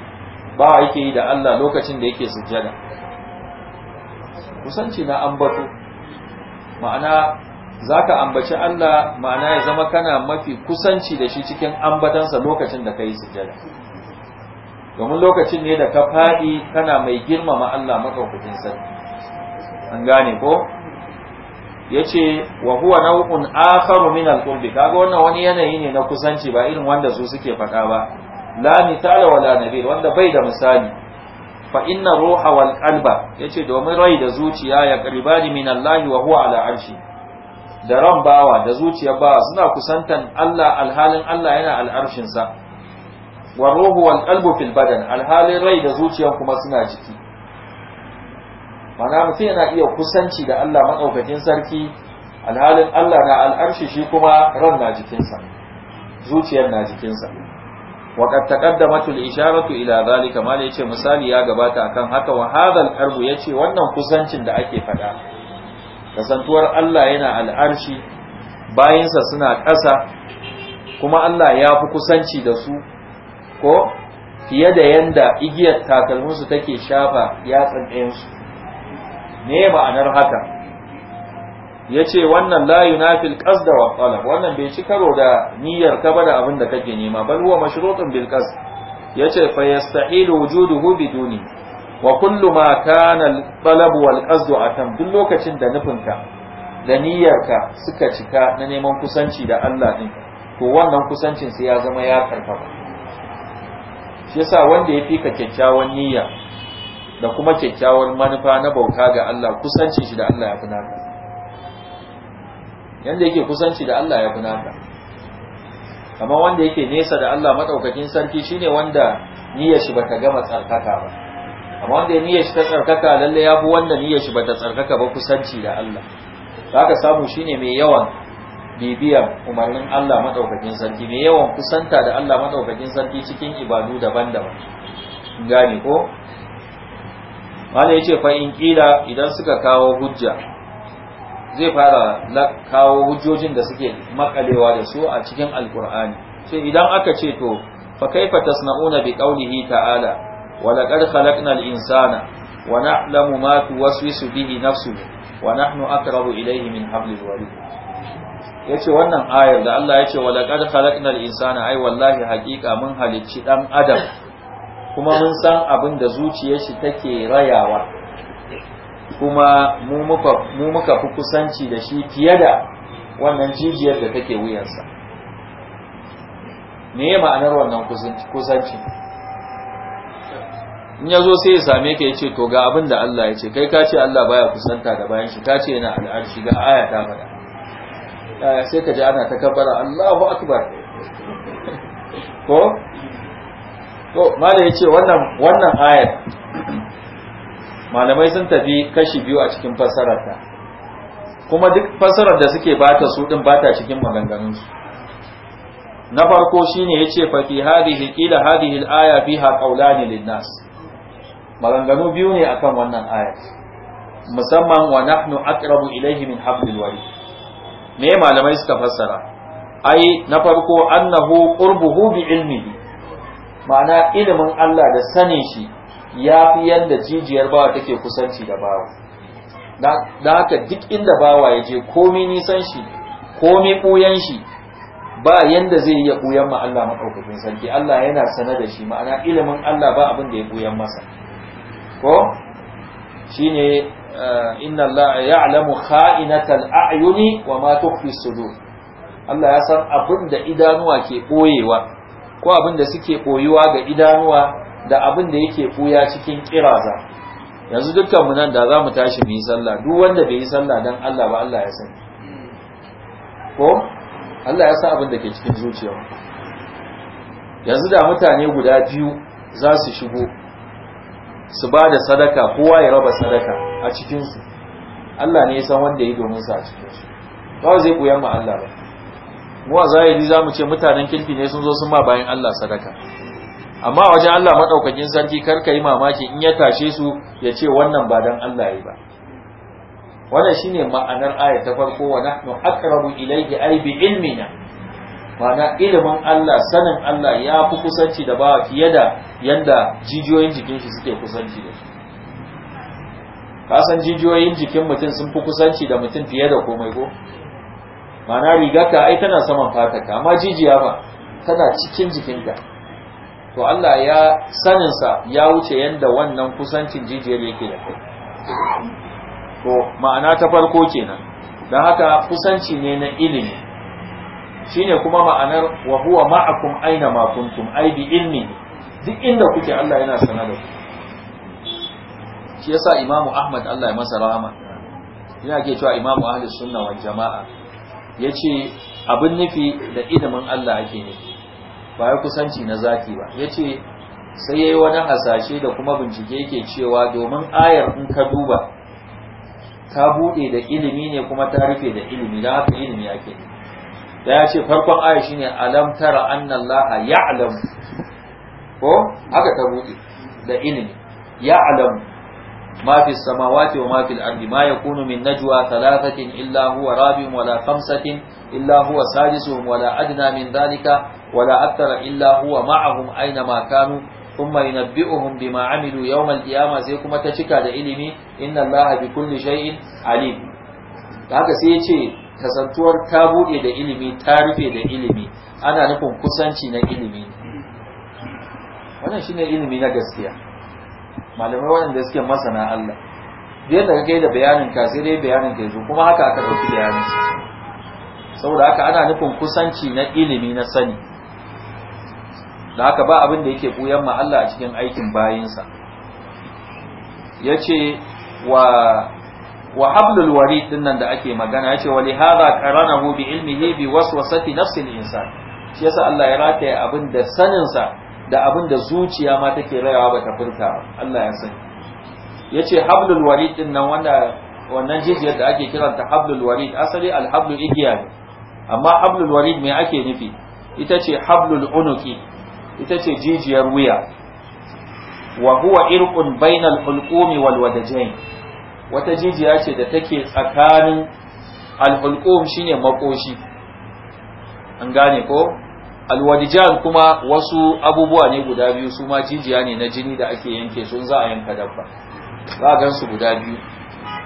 bawa yake yi da Allah lokacin da yake sujjada kusanci na ambato ma'ana zaka ambaci Allah ma'ana ya zama kana mafi kusanci da shi cikin ambatansa lokacin da kai sujjada domin lokacin ne da ka faɗi kana mai girmama Allah maɗaukakin sarki an gane ko yace wa huwa nau'un akharu min al qurb kaga wannan wani yanayi ne na kusanci ba irin wanda su suke faɗa ba la misala wala nabir wanda bai da misali fa inna ruha wal qalba yace domin rai da zuciya ya qaribani min Allah wa huwa ala arshi da ran bawa da zuciya bawa suna kusantan Allah alhalin Allah yana al'arshin sa wa ruhu wal qalbu fil badan alhalin rai da zuciya kuma suna jiki mana mutum yana iya kusanci da Allah maɗaukakin sarki alhalin Allah na al'arshi shi kuma ran na jikinsa zuciyar na jikinsa waƙar matul isharatu ila zalika ya yace misali ya gabata akan haka wa hadal ya ce wannan kusancin da ake faɗa kasantuwar Allah yana al'arshi bayinsa suna ƙasa kuma Allah ya fi kusanci da su ko fiye da yanda igiyar takalminsu take shafa yatsan ɗayansu me ma'anar haka ya ce wannan la yunafil qasda wa talab wannan bai ci karo da niyyar ka ba da abin da kake nema ba huwa mashrutun bil qasd ya ce fa yastahilu wujuduhu biduni wa kullu ma kana al talab wal qasd atam duk lokacin da nufinka da niyyarka suka cika na neman kusanci da Allah din to wannan kusancin sai ya zama ya karfafa shi yasa wanda ya fika kyakkyawan niyya da kuma kyakkyawar manufa na bauta ga Allah kusanci shi da Allah ya fi naka yadda yake kusanci da Allah ya fi naka amma wanda yake nesa da Allah maɗaukakin sarki shine wanda niyyar shi ba ta gama tsarkaka ba amma wanda niyyar shi ta tsarkaka lalle ya fi wanda niyyar shi ba ta tsarkaka ba kusanci da Allah ka samu shine mai yawan bibiyan umarnin Allah maɗaukakin sarki mai yawan kusanta da Allah maɗaukakin sarki cikin ibadu daban-daban gane ko mala ya ce fa in kila idan suka kawo hujja zai fara kawo hujjojin da suke makalewa da su a cikin alkur'ani sai idan aka ce to fa kaifa tasna'una bi qawlihi ta'ala wa laqad al insana wa na'lamu ma tuwaswisu bihi nafsuhu wa nahnu aqrabu ilayhi min hablil warid yace wannan ayar da Allah yace wa laqad khalaqnal insana ai wallahi haqiqa mun halicci dan adam kuma mun san abin da zuciyar shi take rayawa kuma mu muka fi kusanci da shi fiye da wannan jijiyar da take wuyansa me ya ma'anar wannan kusanci in ya zo sai ya same ka ya ce to ga abin da Allah ya ce kai ka ce Allah baya kusanta da bayan shi ka ce yana al'arshi ga aya ta faɗa sai ka ji ana ta kabbara Allahu akbar ko to ya yace wannan wannan ayar malamai sun tafi kashi biyu a cikin ta. kuma duk fassarar da suke bata su din bata cikin maganganun su na farko shine yace fa fi hadhihi qila hadhihi al-aya fiha qawlani lin-nas maganganu biyu ne akan wannan ayat. musamman wa nahnu aqrabu ilayhi min hablil warid me malamai suka fassara ai na farko annahu qurbuhu bi ilmihi ma'ana ilimin Allah da sanin shi ya fi yadda jijiyar bawa take kusanci da bawa da haka duk inda bawa ya je komi nisan shi komi ɓuyan shi ba yadda zai iya ɓuyan ma Allah maɗaukakin sarki Allah yana sana da shi ma'ana ilimin Allah ba abin da ya ɓuyan masa ko shi ne eh, inna Allah ya alamu kha'inatal a'yuni wa ma tukhfi sudur Allah ya san abin da idanuwa ke ɓoyewa ko abin da suke koyuwa ga idanuwa da abin da yake koya cikin kiraza yanzu dukkan mu nan da za mu tashi mu yi sallah duk wanda bai yi sallah dan Allah ba Allah ya sani ko Allah ya san abin da ke cikin zuciya yanzu da mutane guda biyu za su shigo su ba da sadaka kowa ya raba sadaka a cikinsu Allah ne ya san wanda ya yi domin sa a cikinsu ba zai koyar ma Allah ba mu a zahiri za mu ce mutanen kirki ne sun zo sun ma bayan Allah sadaka amma a wajen Allah maɗaukakin sarki karka yi mamaki in ya tashe su ya ce wannan ba don Allah yi ba wannan shine ma'anar ayar ta farko wa nahnu akrabu ilayhi ay bi ilmina ma'ana ilimin Allah sanin Allah ya fi kusanci da bawa fiye da yanda jijiyoyin jikin shi suke kusanci da shi ka san jijiyoyin jikin mutum sun fi kusanci da mutum fiye da komai ko ma'ana rigarka ai tana saman fataka amma jijiya ba tana cikin jikinka to Allah ya saninsa ya wuce yadda wannan kusancin jijiyar yake da kai to ma'ana ta farko kenan don haka kusanci ne na ilimi shine kuma ma'anar wa huwa ma'akum aina ma kuntum ai bi ilmi duk inda kuke Allah yana sana da ku shi yasa imamu ahmad Allah ya masa rahama yana ke cewa imamu ahlus sunna wal jama'a ya ce abin nufi da ilimin Allah ake nufi ba ya kusanci na zaki ba ya ce sai ya yi wani hasashe da kuma bincike yake cewa domin ayar in ka duba ta buɗe da ilimi ne kuma ta rufe da ilimi don haka ilimi ake nufi da ya ce farkon ayar shine alam tara annallaha alamu ko haka ta buɗe da ilimi alamu ما في السماوات وما في الأرض ما يكون من نجوى ثلاثة إلا هو رابع ولا خمسة إلا هو سادسهم ولا أدنى من ذلك ولا أكثر إلا هو معهم أينما كانوا ثم ينبئهم بما عملوا يوم القيامة سيكما تشكى لإلمي إن الله بكل شيء عليم haka sai ya ce kasantuwar ta buɗe da ilimi ta rufe da ilimi ana nufin kusanci na ilimi wannan shine ilimi na gaskiya malamai wanda suke masana Allah biyar da kai da bayanin ka sai dai bayanin ka yazo kuma haka aka dauki bayanin sa. saboda haka ana nufin kusanci na ilimi na sani da haka ba abin da yake buyan ma Allah a cikin aikin bayinsa yace wa wa hablul warid din nan da ake magana yace wa hadha qaranahu bi ilmihi bi waswasati al insan shi yasa Allah ya rataye abin da sanin sa da abin da zuciya ma take rayawa ba ta furta Allah ya sani ya ce hablul din nan wanda wannan jijiyar da ake kiranta hablul asali alhablu igiya ne amma hablul warid me ake nufi ita ce hablul unuki ita ce jijiyar wuya wa huwa irqun bainal hulqumi wal wadajain wata jijiya ce da take tsakanin al shine makoshi an gane ko alwadijan kuma wasu abubuwa ne guda biyu su ma jijiya ne na jini da ake yanke sun za a yanka dabba za a gansu guda biyu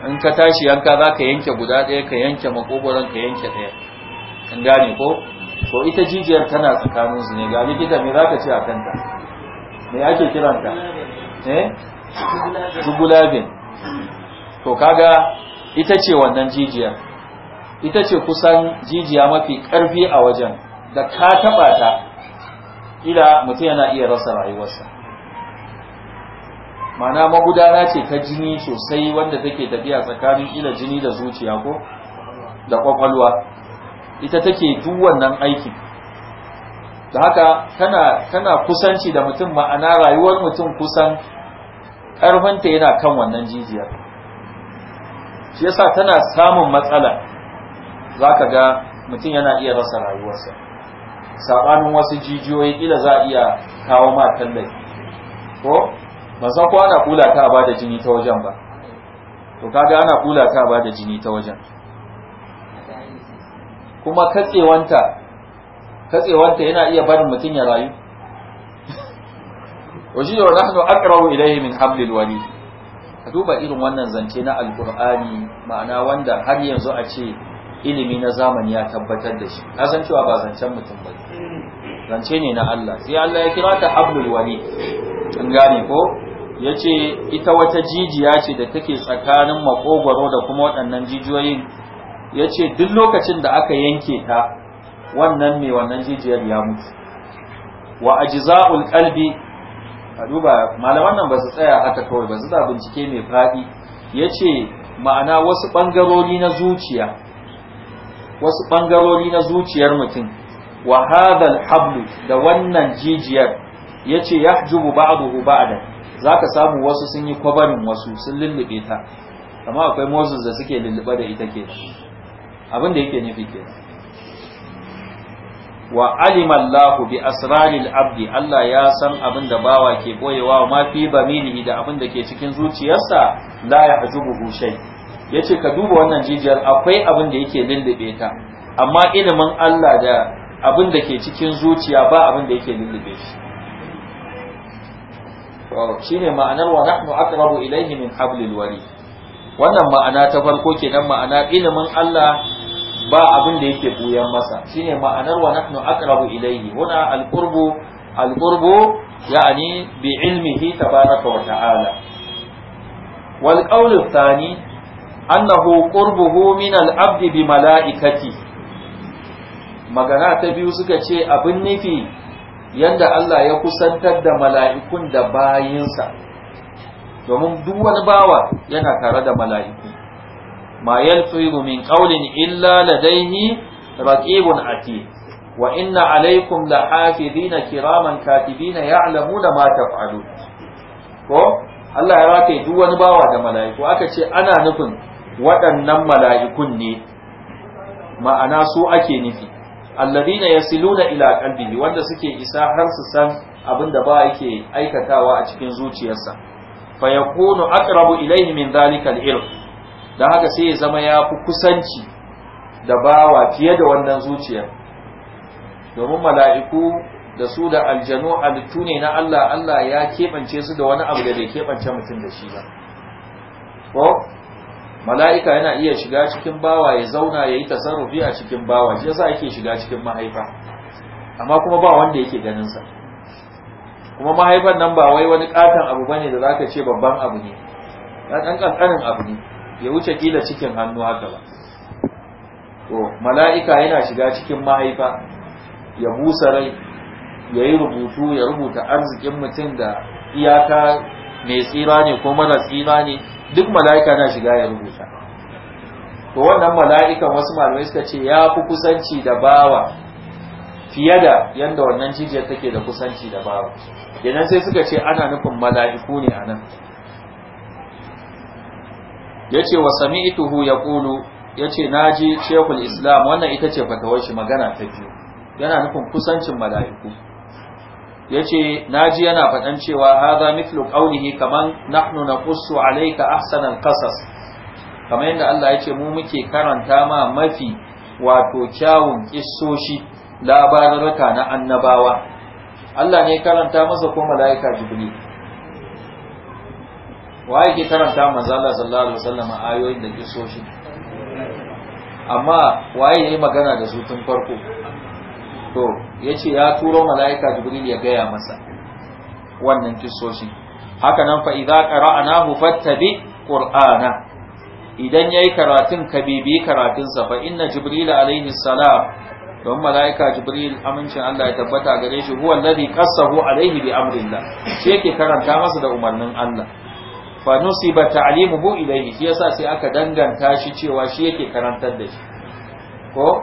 in ka tashi yanka za ka yanke guda ɗaya ka yanke makogoron ka yanke ɗaya in gane ko to ita jijiyar tana tsakanin su ne ga likita me za ka ce a kanta me ake kiranta eh zugulabin to kaga ita ce wannan jijiyar ita ce kusan jijiya mafi ƙarfi a wajen da ka taɓa ta ila mutum yana iya rasa rayuwarsa mana magudana ce ta jini sosai wanda take tafiya tsakanin ila jini da zuciya ko da kwakwalwa ita take duk wannan aikin da haka kana kana kusanci da mutum ma'ana rayuwar mutum kusan ƙarfinta yana kan wannan jijiyar shi yasa tana samun matsala zaka ga mutum yana iya rasa rayuwarsa sabanin wasu jijiyoyi kila za a iya kawo ma tallafi ko ba san ko ana kula ta ba da jini ta wajen ba to kaga ana kula ta ba da jini ta wajen kuma katsewanta katsewanta yana iya barin mutum ya rayu wajen yau nahnu akrawu ilayhi min hablil wali ka duba irin wannan zance na alqur'ani ma'ana wanda har yanzu a ce ilimi na zamani ya tabbatar da shi Ka san cewa ba zancen mutum ba zance ne na Allah sai Allah ya kira ta hablul wani an gane ko yace ita wata jijiya ce da take tsakanin makogwaro da kuma waɗannan jijiyoyin yace duk lokacin da aka yanke ta wannan mai wannan jijiyar ya mutu wa ajza'ul qalbi a duba malaman nan ba su tsaya haka kawai ba su da bincike mai faɗi yace ma'ana wasu ɓangarori na zuciya wasu ɓangarori na zuciyar mutum wa hadal hablu da wannan jijiyar yace yahjubu ba'dahu ba'da zaka samu wasu sun yi kwabarin wasu sun lullube ta amma akwai Moses da suke lullube da ita ke abin da yake nufi ke wa alima Allah bi asraril abdi Allah ya san abin da bawa ke boyewa ma fi bamilihi da abin da ke cikin zuciyarsa la jubu shay' Ya ce ka duba wannan jijiyar akwai abin da yake lullube ta amma ilimin Allah da abin da ke cikin zuciya ba abin da yake lullube shi Shi ne ma'anar wa nahnu aqrabu ilayhi min hablil warid wannan ma'ana ta farko kenan ma'ana ilimin Allah ba abin da yake buyan masa shine ma'anar wa nahnu aqrabu ilayhi huna al-qurbu al yani bi ilmihi tabaraka wa ta'ala wal qawlu annahu qurbuhu min al-abdi bi mala'ikati magana ta biyu suka ce abin nufi yanda Allah ya kusantar da mala'ikun da bayinsa domin duk wani bawa yana tare da mala'iku ma yalfiru min qawlin illa ladaihi raqibun atid wa inna alaykum lahafizina kiraman katibina ya'lamuna ma taf'alun ko Allah ya rataye duk wani bawa da mala'iku aka ce ana nufin waɗannan mala'ikun ne ma'ana su ake nufi alladina yasiluna ila qalbihi wanda suke isa har su san abin da ba yake aikatawa a cikin zuciyarsa fa yakunu aqrabu ilayhi min dhalika al Da haka sai ya zama ya fi kusanci da bawa fiye da wannan zuciyar domin mala'iku da su da aljanu halittu ne na Allah Allah ya keɓance su da wani abu da bai keɓance mutum da shi ba ko mala'ika yana iya shiga cikin bawa ya zauna ya yi tasarrufi a cikin bawa shi yasa yake shiga cikin mahaifa amma kuma ba wanda yake ganin sa kuma mahaifan nan ba wai wani katon abu bane da zaka ce babban abu ne dan kankanin abu ne ya wuce kila cikin hannu haka ba to mala'ika yana shiga cikin mahaifa ya busa rai ya yi rubutu ya rubuta arzikin mutum da iyaka mai tsira ne ko mara tsira ne duk mala'ika na shiga ya rubuta to wannan mala'ikan wasu malamai suka ce ya fi kusanci da bawa fiye da yadda wannan jijiyar take da kusanci da bawa idan sai suka ce ana nufin mala'iku ne a nan ya ce wa sami'tuhu ya ƙulu ya ce na ji shekul islam wannan ita ce fatawar shi magana ta biyu yana nufin kusancin mala'iku yace naji yana faɗan cewa hadha mithlu qawlihi kaman nahnu naqussu alaika ahsanal kasas kamar yadda Allah yace mu muke karanta ma mafi wato kyawun kissoshi labaruka na annabawa Allah ne karanta masa ko malaika jibril wa yake karanta manzo Allah sallallahu alaihi wasallam ayoyin da kissoshi amma waye yayi magana da su tun farko to yace ya turo mala'ika jibril ya gaya masa wannan kissoshin haka nan fa idza qara'nahu fattabi qur'ana idan yayi karatun ka bibi karatun fa inna jibril alaihi salam don mala'ika jibril amincin Allah ya tabbata gare shi huwa ladi qassahu alaihi bi amrillah shi yake karanta masa da umarnin Allah fa nusiba ta'limuhu ilayhi shi yasa sai aka danganta shi cewa shi yake karantar da shi ko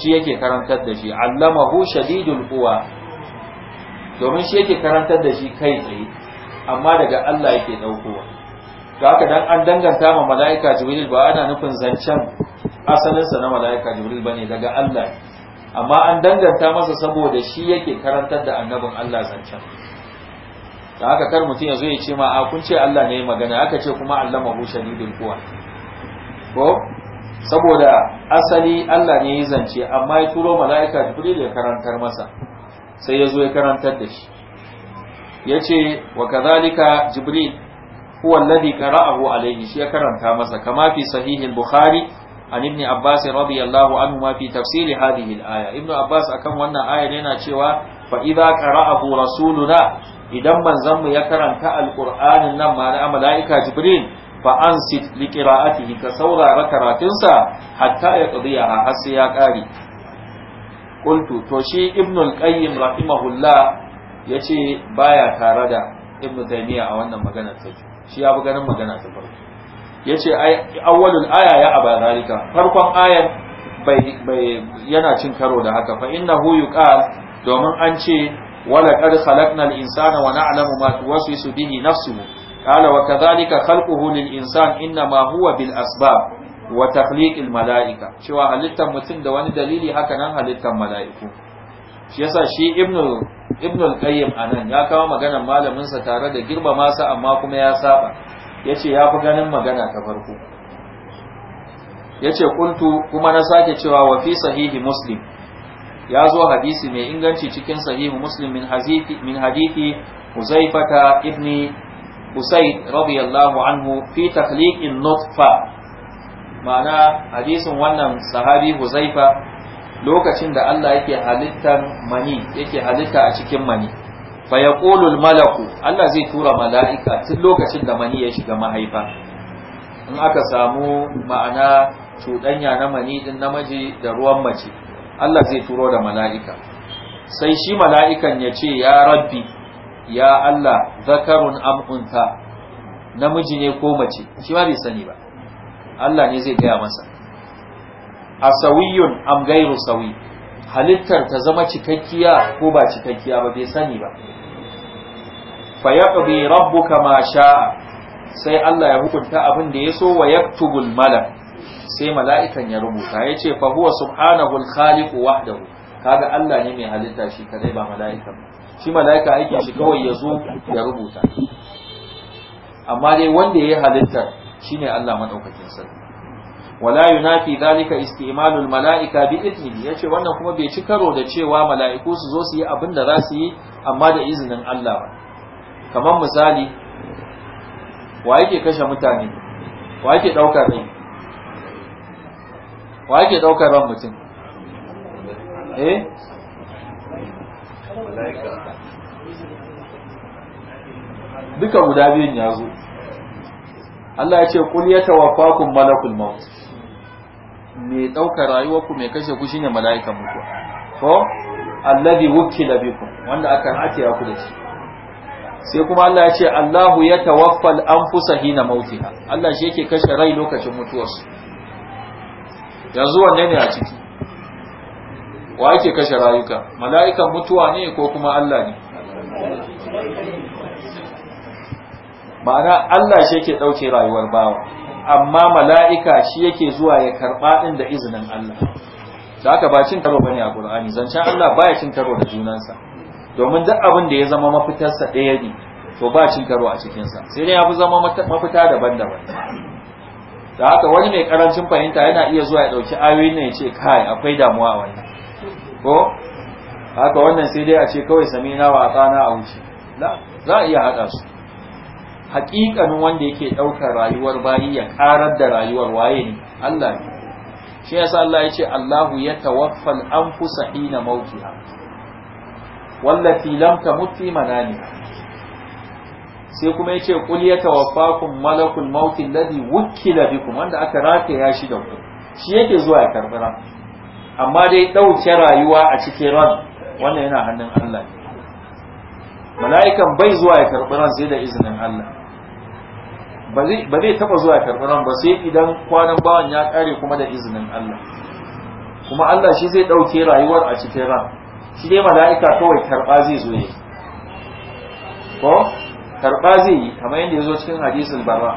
shi yake karantar da shi allamahu shadidul quwa domin shi yake karantar da shi kai tsaye amma daga Allah yake daukowa to haka dan an danganta ma malaika jibril ba ana nufin zancen asalin sa na malaika jibril bane daga Allah amma an danganta masa saboda shi yake karantar da annabin Allah zancen da haka kar mutum ya zo ya ce ma a kun ce Allah ne magana aka ce kuma allamahu shadidul quwa ko saboda asali Allah ne ya zance amma ya turo mala'ika jibril ya karantar masa sai ya zo ya karantar da shi ya ce wa kazalika jibril huwa alladhi qara'ahu alayhi shi ya karanta masa kama fi sahihin bukhari an ibn abbas radiyallahu anhu ma fi tafsiri hadhihi al-aya ibn abbas akan wannan aya yana cewa fa idza qara'ahu rasuluna idan manzon mu ya karanta alqur'anin nan ma mala'ika jibril fa ansit li qira'atihi ka saurara karatunsa hatta ya qadiya har sai ya kare qultu to shi ibnu al-qayyim rahimahullah yace baya tare da ibnu taymiya a wannan magana take shi ya ganin magana ta farko yace ai aya ya farkon ayan bai yana cin karo da haka fa innahu yuqal domin an ce wala qad khalaqnal insana wa na'lamu ma tuwaswisu bihi nafsuhu qala wa kadhalika khalquhu lil insan inna ma huwa bil asbab wa takhliqil malaika cewa halittar mutum da wani dalili haka nan halittar mala'iku shi shi ibnu ibnu al-qayyim anan ya kawo maganar malaminsa tare da girmama sa amma kuma ya saba yace ya fi ganin magana ta farko yace kuntu kuma na sake cewa wafi fi sahihi muslim ya zo hadisi mai inganci cikin sahihu muslim min hadithi min hadithi huzaifata ibni usaid radiyallahu anhu fi takhliqin nutfa ma'ana hadisin wannan sahabi huzaifa lokacin da Allah yake halittar mani yake halitta a cikin mani fa yaqulu malaku Allah zai tura mala'ika tun lokacin da mani ya shiga mahaifa in aka samu ma'ana cuɗanya na mani din namiji da ruwan mace Allah zai turo da mala'ika sai shi mala'ikan ya ce ya rabbi ya Allah zakarun am unta namiji ne ko mace shi ma bai sani ba Allah ne zai gaya masa asawiyun am gairu sawi halittar ta zama cikakkiya ko ba cikakkiya ba bai sani ba fa yaqdi rabbuka ma sha'a sai Allah ya hukunta abin da ya so wa yaktubul malak sai mala'ikan ya rubuta yace fa huwa subhanahu al-khaliq wahdahu kaga Allah ne mai halitta shi kadai ba mala'ika ba shi mala'ika aikin shi kawai ya zo ya rubuta amma dai wanda ya yi halittar shine Allah madaukakin sarki wala yunafi dhalika istimalul mala'ika bi idnihi yace wannan kuma bai ci karo da cewa mala'iku su zo su yi abin da za su yi amma da izinin Allah ba kamar misali wa yake kashe mutane wa yake dauka rai wa yake ran mutum Eh? duka guda biyun ya zo Allah ya ce kul ya tawaffakum malakul maut mai ɗaukar rayuwarku mai kashe ku shine mala'ikan mutuwa ko alladhi wukila bikum wanda aka ya ku da shi sai kuma Allah ya ce Allahu ya tawaffal anfusa hina mautiha Allah shi yake kashe rai lokacin mutuwarsu yanzu wanne ne a ciki wa yake kashe rayuka mala'ikan mutuwa ne ko kuma Allah ne ma'ana Allah shi yake ɗauke rayuwar bawa amma mala'ika shi yake zuwa ya karɓa ɗin da izinin Allah da aka ba cin karo bane a Qur'ani zancen Allah baya cin karo da junansa domin duk abin da ya zama mafitarsa ɗaya ne to ba cin karo a cikinsa sai dai ya fi zama mafita daban-daban da haka wani mai karancin fahimta yana iya zuwa ya ɗauki ayoyi ne ya ce kai akwai damuwa a wannan ko haka wannan sai dai a ce kawai na wa na a wuce za a iya haɗa su haƙiƙanin wanda yake ɗaukar rayuwar bayi ya ƙarar da rayuwar waye ne Allah ne shi yasa Allah ya ce Allahu ya tawaffal anfusa hina mautiha wallati lam tamut fi ne. sai kuma yace qul yatawaffakum malakul maut wukila wukkila bikum wanda aka rataya shi da ku shi yake zuwa ya karbara amma dai ɗauke rayuwa a cikin ran wannan yana hannun Allah mala'ikan bai zuwa ya karɓi ran sai da izinin Allah ba zai taɓa zuwa ya karɓi ran ba sai idan kwanan bawan ya kare kuma da izinin Allah kuma Allah shi zai ɗauke rayuwar a cikin ran shi dai mala'ika kawai karɓa zai zo ya ko karɓa zai yi kamar yadda ya zo cikin hadisin bara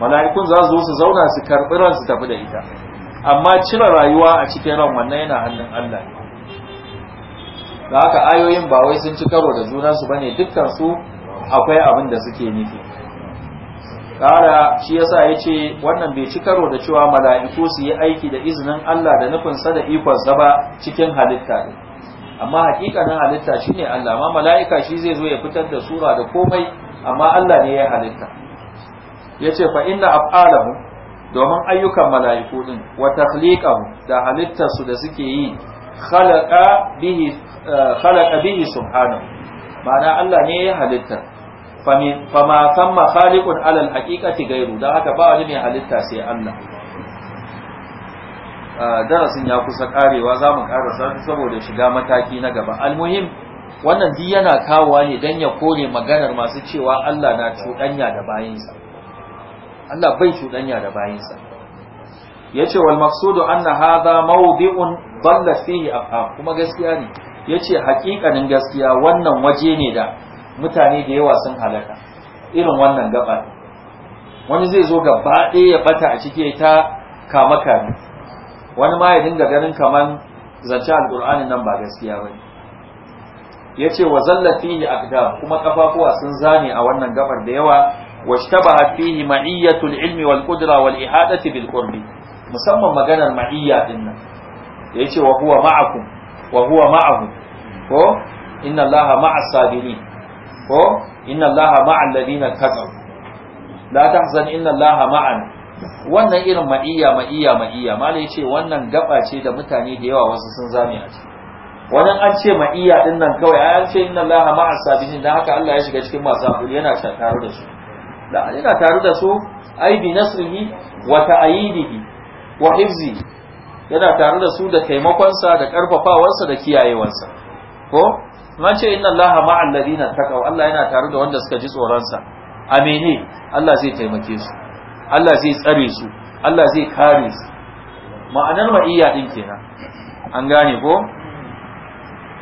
mala'ikun za su zo su zauna su karɓi ran su tafi da ita amma cire rayuwa a cikin ran wannan yana hannun Allah ne? da haka ayoyin ba wai sun ci karo da su bane dukkan su akwai abin da suke nufi kara shi yasa ya ce wannan bai ci karo da cewa mala'iku su yi aiki da izinin Allah da nufin sa da ikonsa ba cikin halitta ne amma hakikanin halitta shine Allah amma mala'ika shi zai zo ya fitar da sura da komai amma Allah ne ya halitta yace fa inna af'alahu domin ayyukan mala'iku din wa takhliqahu da su da suke yi khalaqa bihi eh, khalaqa bihi subhanahu ma'ana Allah ne ya halitta Fa ma samma khaliqun alal haqiqati gairu dan haka ba wani mai halitta sai Allah eh, darasin ya kusa karewa za mu karasa saboda shiga mataki na gaba almuhim wannan duk yana kawo ne dan ya kore maganar masu cewa Allah na cuɗanya da bayinsa Allah bai cuɗanya da bayinsa yace wal maqsudu anna hadha mawdi'un dalla fihi afham kuma gaskiya ne yace hakikanin gaskiya wannan waje ne da mutane da yawa sun halaka irin wannan gaba wani zai zo gaba ɗaya ya bata a cike ta kama kare wani ma ya dinga ganin kaman zance alqur'ani nan ba gaskiya bane yace wa zalla fihi aqdam kuma kafafuwa sun zane a wannan gabar da yawa washtabaha fihi ma'iyyatul ilmi wal qudra wal ihadati bil qurbi musamman maganar ma'iyya din nan yace wa huwa ma'akum wa huwa ma'ahu ko inna allaha ma'as sabirin ko inna allaha ma'al ladina la wannan irin ma'iyya ma'iyya ma'iyya mala ya ce wannan gaba ce da mutane da yawa wasu sun zame a ciki wannan an ce ma'iyya din nan kawai ai an ce inna allaha ma'as sabirin dan haka Allah ya shiga cikin masu hakuri yana tare da su la yana tare da su ai bi nasrihi wa ta'yidihi wa yana tare da su da taimakonsa da karfafawarsa da kiyayewarsa ko kuma ce inna allaha ma'al ladina taqaw Allah yana tare da wanda suka ji tsoron sa amene Allah zai taimake su Allah zai tsare su Allah zai kare su ma'anar ma'iyya din kenan an gane ko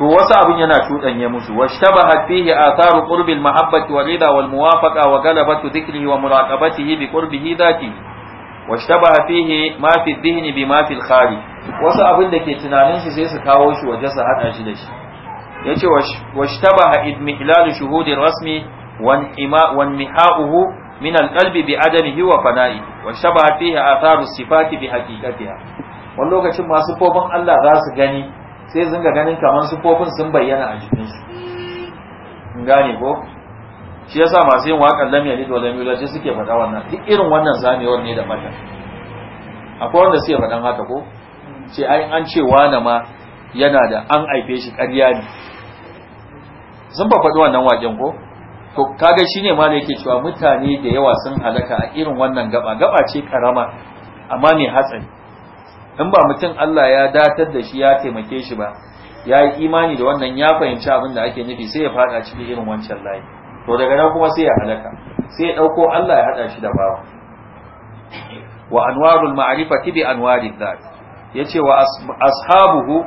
to wasu abin yana tudanye musu washtabaha fihi atharu qurbi almahabbati wa rida wal muwafaqa wa galabatu dhikrihi wa muraqabatihi bi qurbihi dhati washtabaha fihi ma fi dhihni bi ma fi al-khali wasu abin da ke tunanin shi sai su kawo shi waje su hada shi da shi yace washtabaha idmihlal shuhudi rasmi wan ima wan mihauhu min al-qalbi bi adamihi wa fana'i washtabaha fihi atharu sifati bi haqiqatiha wannan lokacin masu kofin Allah za su gani sai zunga ganin kamar sufofin sun bayyana a jikin su gane ko shi yasa masu yin waƙar lam ne da lam yulad suke faɗa wannan duk irin wannan zamewar ne da mata akwai wanda suke faɗan haka ko ce ai an ce wani ma yana da an aife shi ƙarya ne sun ba faɗi wannan waƙen ko to kaga shine ma da yake cewa mutane da yawa sun halaka a irin wannan gaba gaba ce karama amma mai hatsari in ba mutum Allah ya datar da shi ya taimake shi ba ya yi imani da wannan ya fahimci abin da ake nufi sai ya fada cikin irin wancan layi to daga nan kuma sai ya halaka sai ya dauko Allah ya hada shi da bawa wa anwarul ma'rifati bi anwarid dhat yace wa ashabuhu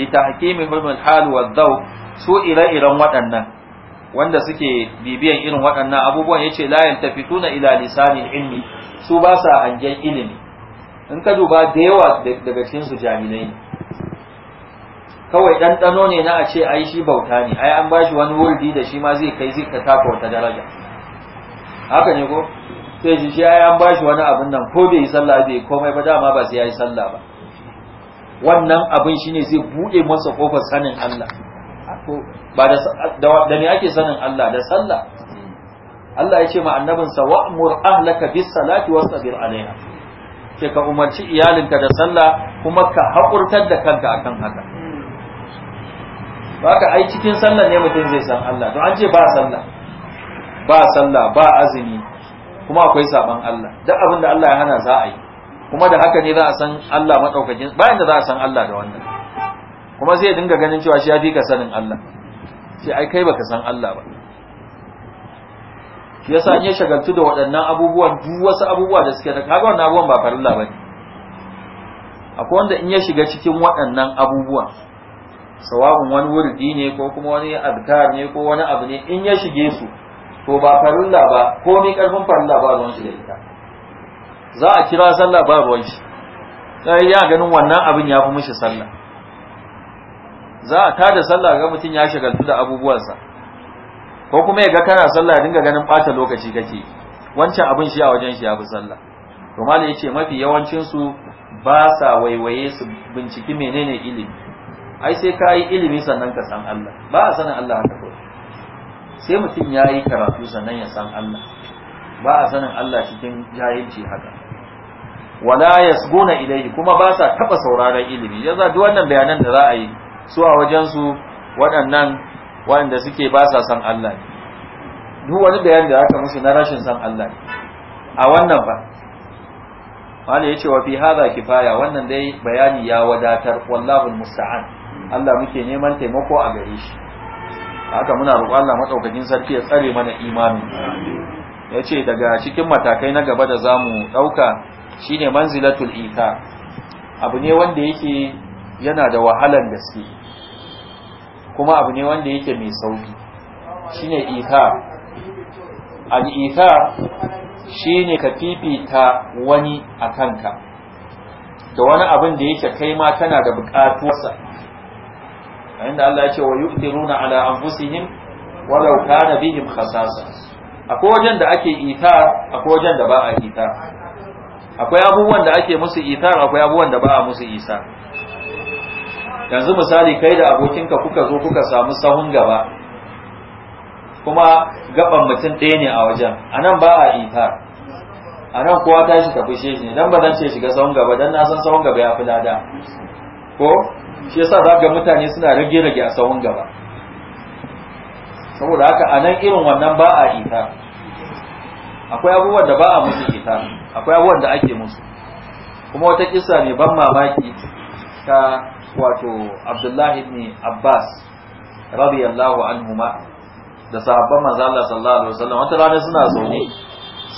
li tahkimi hulmul hal wa dhaw su ire-iren waɗannan wanda suke bibiyan irin waɗannan abubuwan yace la yantafituna ila lisanil ilmi su ba sa hangen ilimi in ka duba da yawa daga cikin su ne kawai ɗanɗano ne na a ce ai shi bauta ne ai an bashi wani wurdi da shi ma zai kai zika ka wata daraja haka ne ko sai shi shi ai an bashi wani abin nan ko bai yi sallah bai komai ba dama ba sai ya yi sallah ba wannan abin shine zai buɗe masa kofar sanin Allah ba da ne ake sanin Allah da sallah Allah ya ce ma annabinsa wa'mur ahlaka bis salati wasbir alaiha Ke ka umarci iyalinka da sallah kuma ka haƙurtar da kanka akan haka Ba ka ai cikin sallah ne mutum zai san Allah don an ce ba sallah ba sallah ba azumi kuma akwai saban Allah duk abin da Allah ya hana za a yi kuma da haka ne za a san Allah madaukakin bayan da za a san Allah da wannan kuma zai dinga ganin cewa shi ya fi ka sanin Allah sai ai kai baka san Allah ba yasa in ya shagaltu da waɗannan abubuwan duk wasu abubuwa da suke da kaga wannan abubuwan ba farilla bane akwai wanda in ya shiga cikin waɗannan abubuwan sawabin wani wurdi ne ko kuma wani azkar ne ko wani abu ne in ya shige su to ba farilla ba ko mai karfin farilla ba ruwan shi da ita za a kira sallah ba ruwan shi sai ya ganin wannan abin ya fi mishi sallah za a tada sallah ga mutum ya shagaltu da abubuwansa ko kuma ya ga kana sallah ya dinga ganin ɓata lokaci kake wancan abin shi a wajen shi ya fi sallah to malam yace mafi yawancin su ba sa waiwaye su binciki menene ilimi ai sai ka yi ilimi sannan ka san Allah ba a sanin Allah haka kawai sai mutum ya yi karatu sannan ya san Allah ba a sanin Allah cikin jahilci haka wala yasguna ilaihi kuma ba sa taba sauraron ilimi yanzu duk wannan bayanan da za a yi su a wajen su waɗannan wanda suke ba sa san Allah ne duk wani bayani da aka musu na rashin san Allah ne a wannan ba wanda yace wa fi hada kifaya wannan dai bayani ya wadatar wallahu musta'an Allah muke neman taimako a gare shi haka muna roƙon Allah madaukakin sarki ya tsare mana imani yace daga cikin matakai na gaba da zamu dauka shine manzilatul ika abu ne wanda yake yana da wahalan gaske kuma abu ne wanda yake mai sauki shine ika ita shine ka fifita wani a kanka da wani abin da yake kai ma tana da bukatuwarsa inda Allah ya ce wa yuqdiruna ala anfusihim walau kana bihim khasasa akwai wajen da ake ita akwai wajen da ba a ita akwai abubuwan da ake musu ita akwai abubuwan da ba a musu isa yanzu misali kai da abokinka kuka zo kuka samu sahun gaba kuma gaban mutum ɗaya ne a wajen a nan ba a ita. a nan kowa ta shi fushe shi ne dan ba zan ce shiga sahun gaba dan na san sahun gaba ya fi lada ko shi yasa za ga mutane suna rage rage a sahun gaba saboda haka a nan irin wannan ba a ita. akwai abubuwan da ba a musu ita. akwai abubuwan da ake musu kuma wata kisa mai ban mamaki ta wato abdullahi ibn abbas radiyallahu anhuma da sahabban manzo Allah sallallahu alaihi wasallam wata rana suna zaune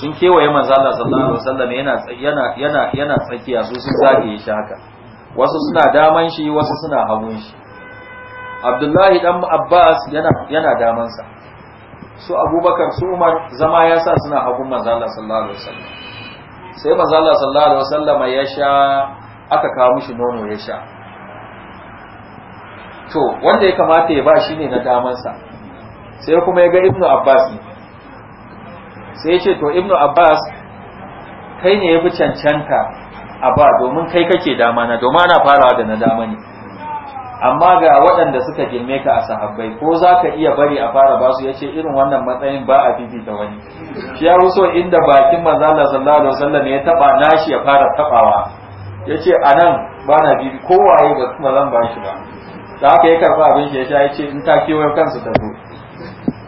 sun kewaye manzo Allah sallallahu alaihi wasallam yana yana yana yana tsakiya su sun zage shi haka wasu suna daman shi wasu suna hagun shi Abdullahi dan Abbas yana yana daman sa su Abubakar su Umar zama ya sa suna hagun manzo Allah sallallahu alaihi wasallam sai manzo Allah sallallahu alaihi wasallam ya sha aka kawo mishi nono ya sha to wanda ya kamata ya ba shi ne na damansa sai kuma ya ga ibnu abbas ne sai ya ce to ibnu abbas kai ne ya fi cancanta a ba domin kai kake dama na domin ana farawa da na dama ne amma ga waɗanda suka girme ka a sahabbai ko za ka iya bari a fara ba su ya ce irin wannan matsayin ba a da wani shi ya so inda bakin manzo Allah sallallahu alaihi wasallam ya taba nashi ya fara tabawa ya ce anan ba na bibi kowaye ba kuma zan ba shi ba da haka ya karfa abin shi ya sha ya ce in ta kewayo kansu ta zo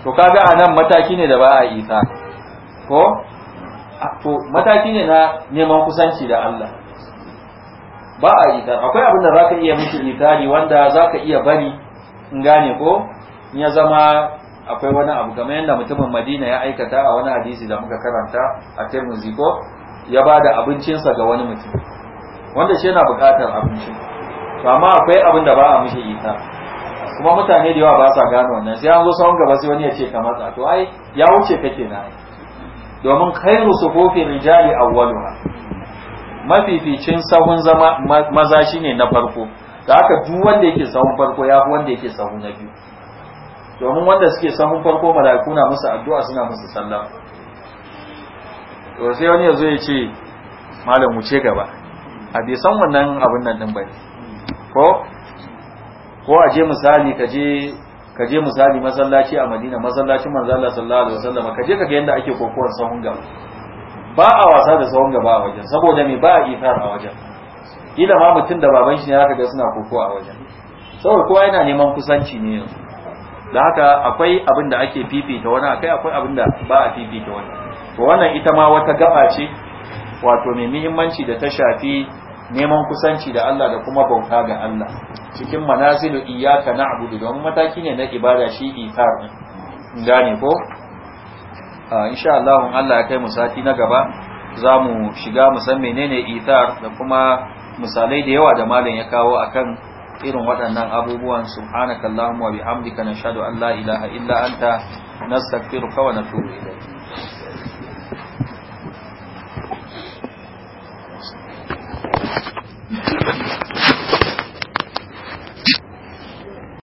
to kaga a nan mataki ne da ba a isa ko to mataki ne na neman kusanci da Allah ba a isa akwai abin da zaka iya miki itari wanda zaka iya bari in gane ko in ya zama akwai wani abu kamar yadda mutumin Madina ya aikata a wani hadisi da muka karanta a Tirmidhi ko ya bada abincinsa ga wani mutum wanda shi yana bukatar abincin to amma akwai abin da ba a mishi ita. kuma mutane da yawa ba sa gane wannan sai an zo sahun gaba sai wani ya ce ka matsa to ai ya wuce kake na domin kai su kofi rijali awwaluha mafificin sahun zama maza shine na farko da haka duk wanda yake sahun farko ya fi wanda yake sahun na biyu domin wanda suke sahun farko mala'iku na musu addu'a suna musu sallah to sai wani ya zo ya ce malam wuce gaba a bai san wannan abin nan din bane ko ko a je misali ka je misali masallaci a Madina masallacin manzo Allah sallallahu alaihi wasallam ka je ka ga yanda ake kokowar sahun gaba ba a wasa da sahun gaba a wajen saboda me ba a ifar a wajen kila ma mutum da baban shi ne zaka ga suna kokowa a wajen saboda kowa yana neman kusanci ne yanzu da haka akwai abin da ake fifita wani akai akwai abin da ba a fifita wani to wannan ita ma wata gaba ce wato mai muhimmanci da ta shafi neman kusanci da Allah da kuma bauta ga Allah cikin manazilu iyyaka na'budu domin mataki ne na ibada shi itar gane ko insha Allah Allah ya kai mu sati na gaba za mu shiga mu san menene itar da kuma misalai da yawa da malam ya kawo akan irin waɗannan abubuwan subhanakallahumma wa bihamdika nashhadu an la ilaha illa anta nastaghfiruka wa natubu ilayk 失礼します。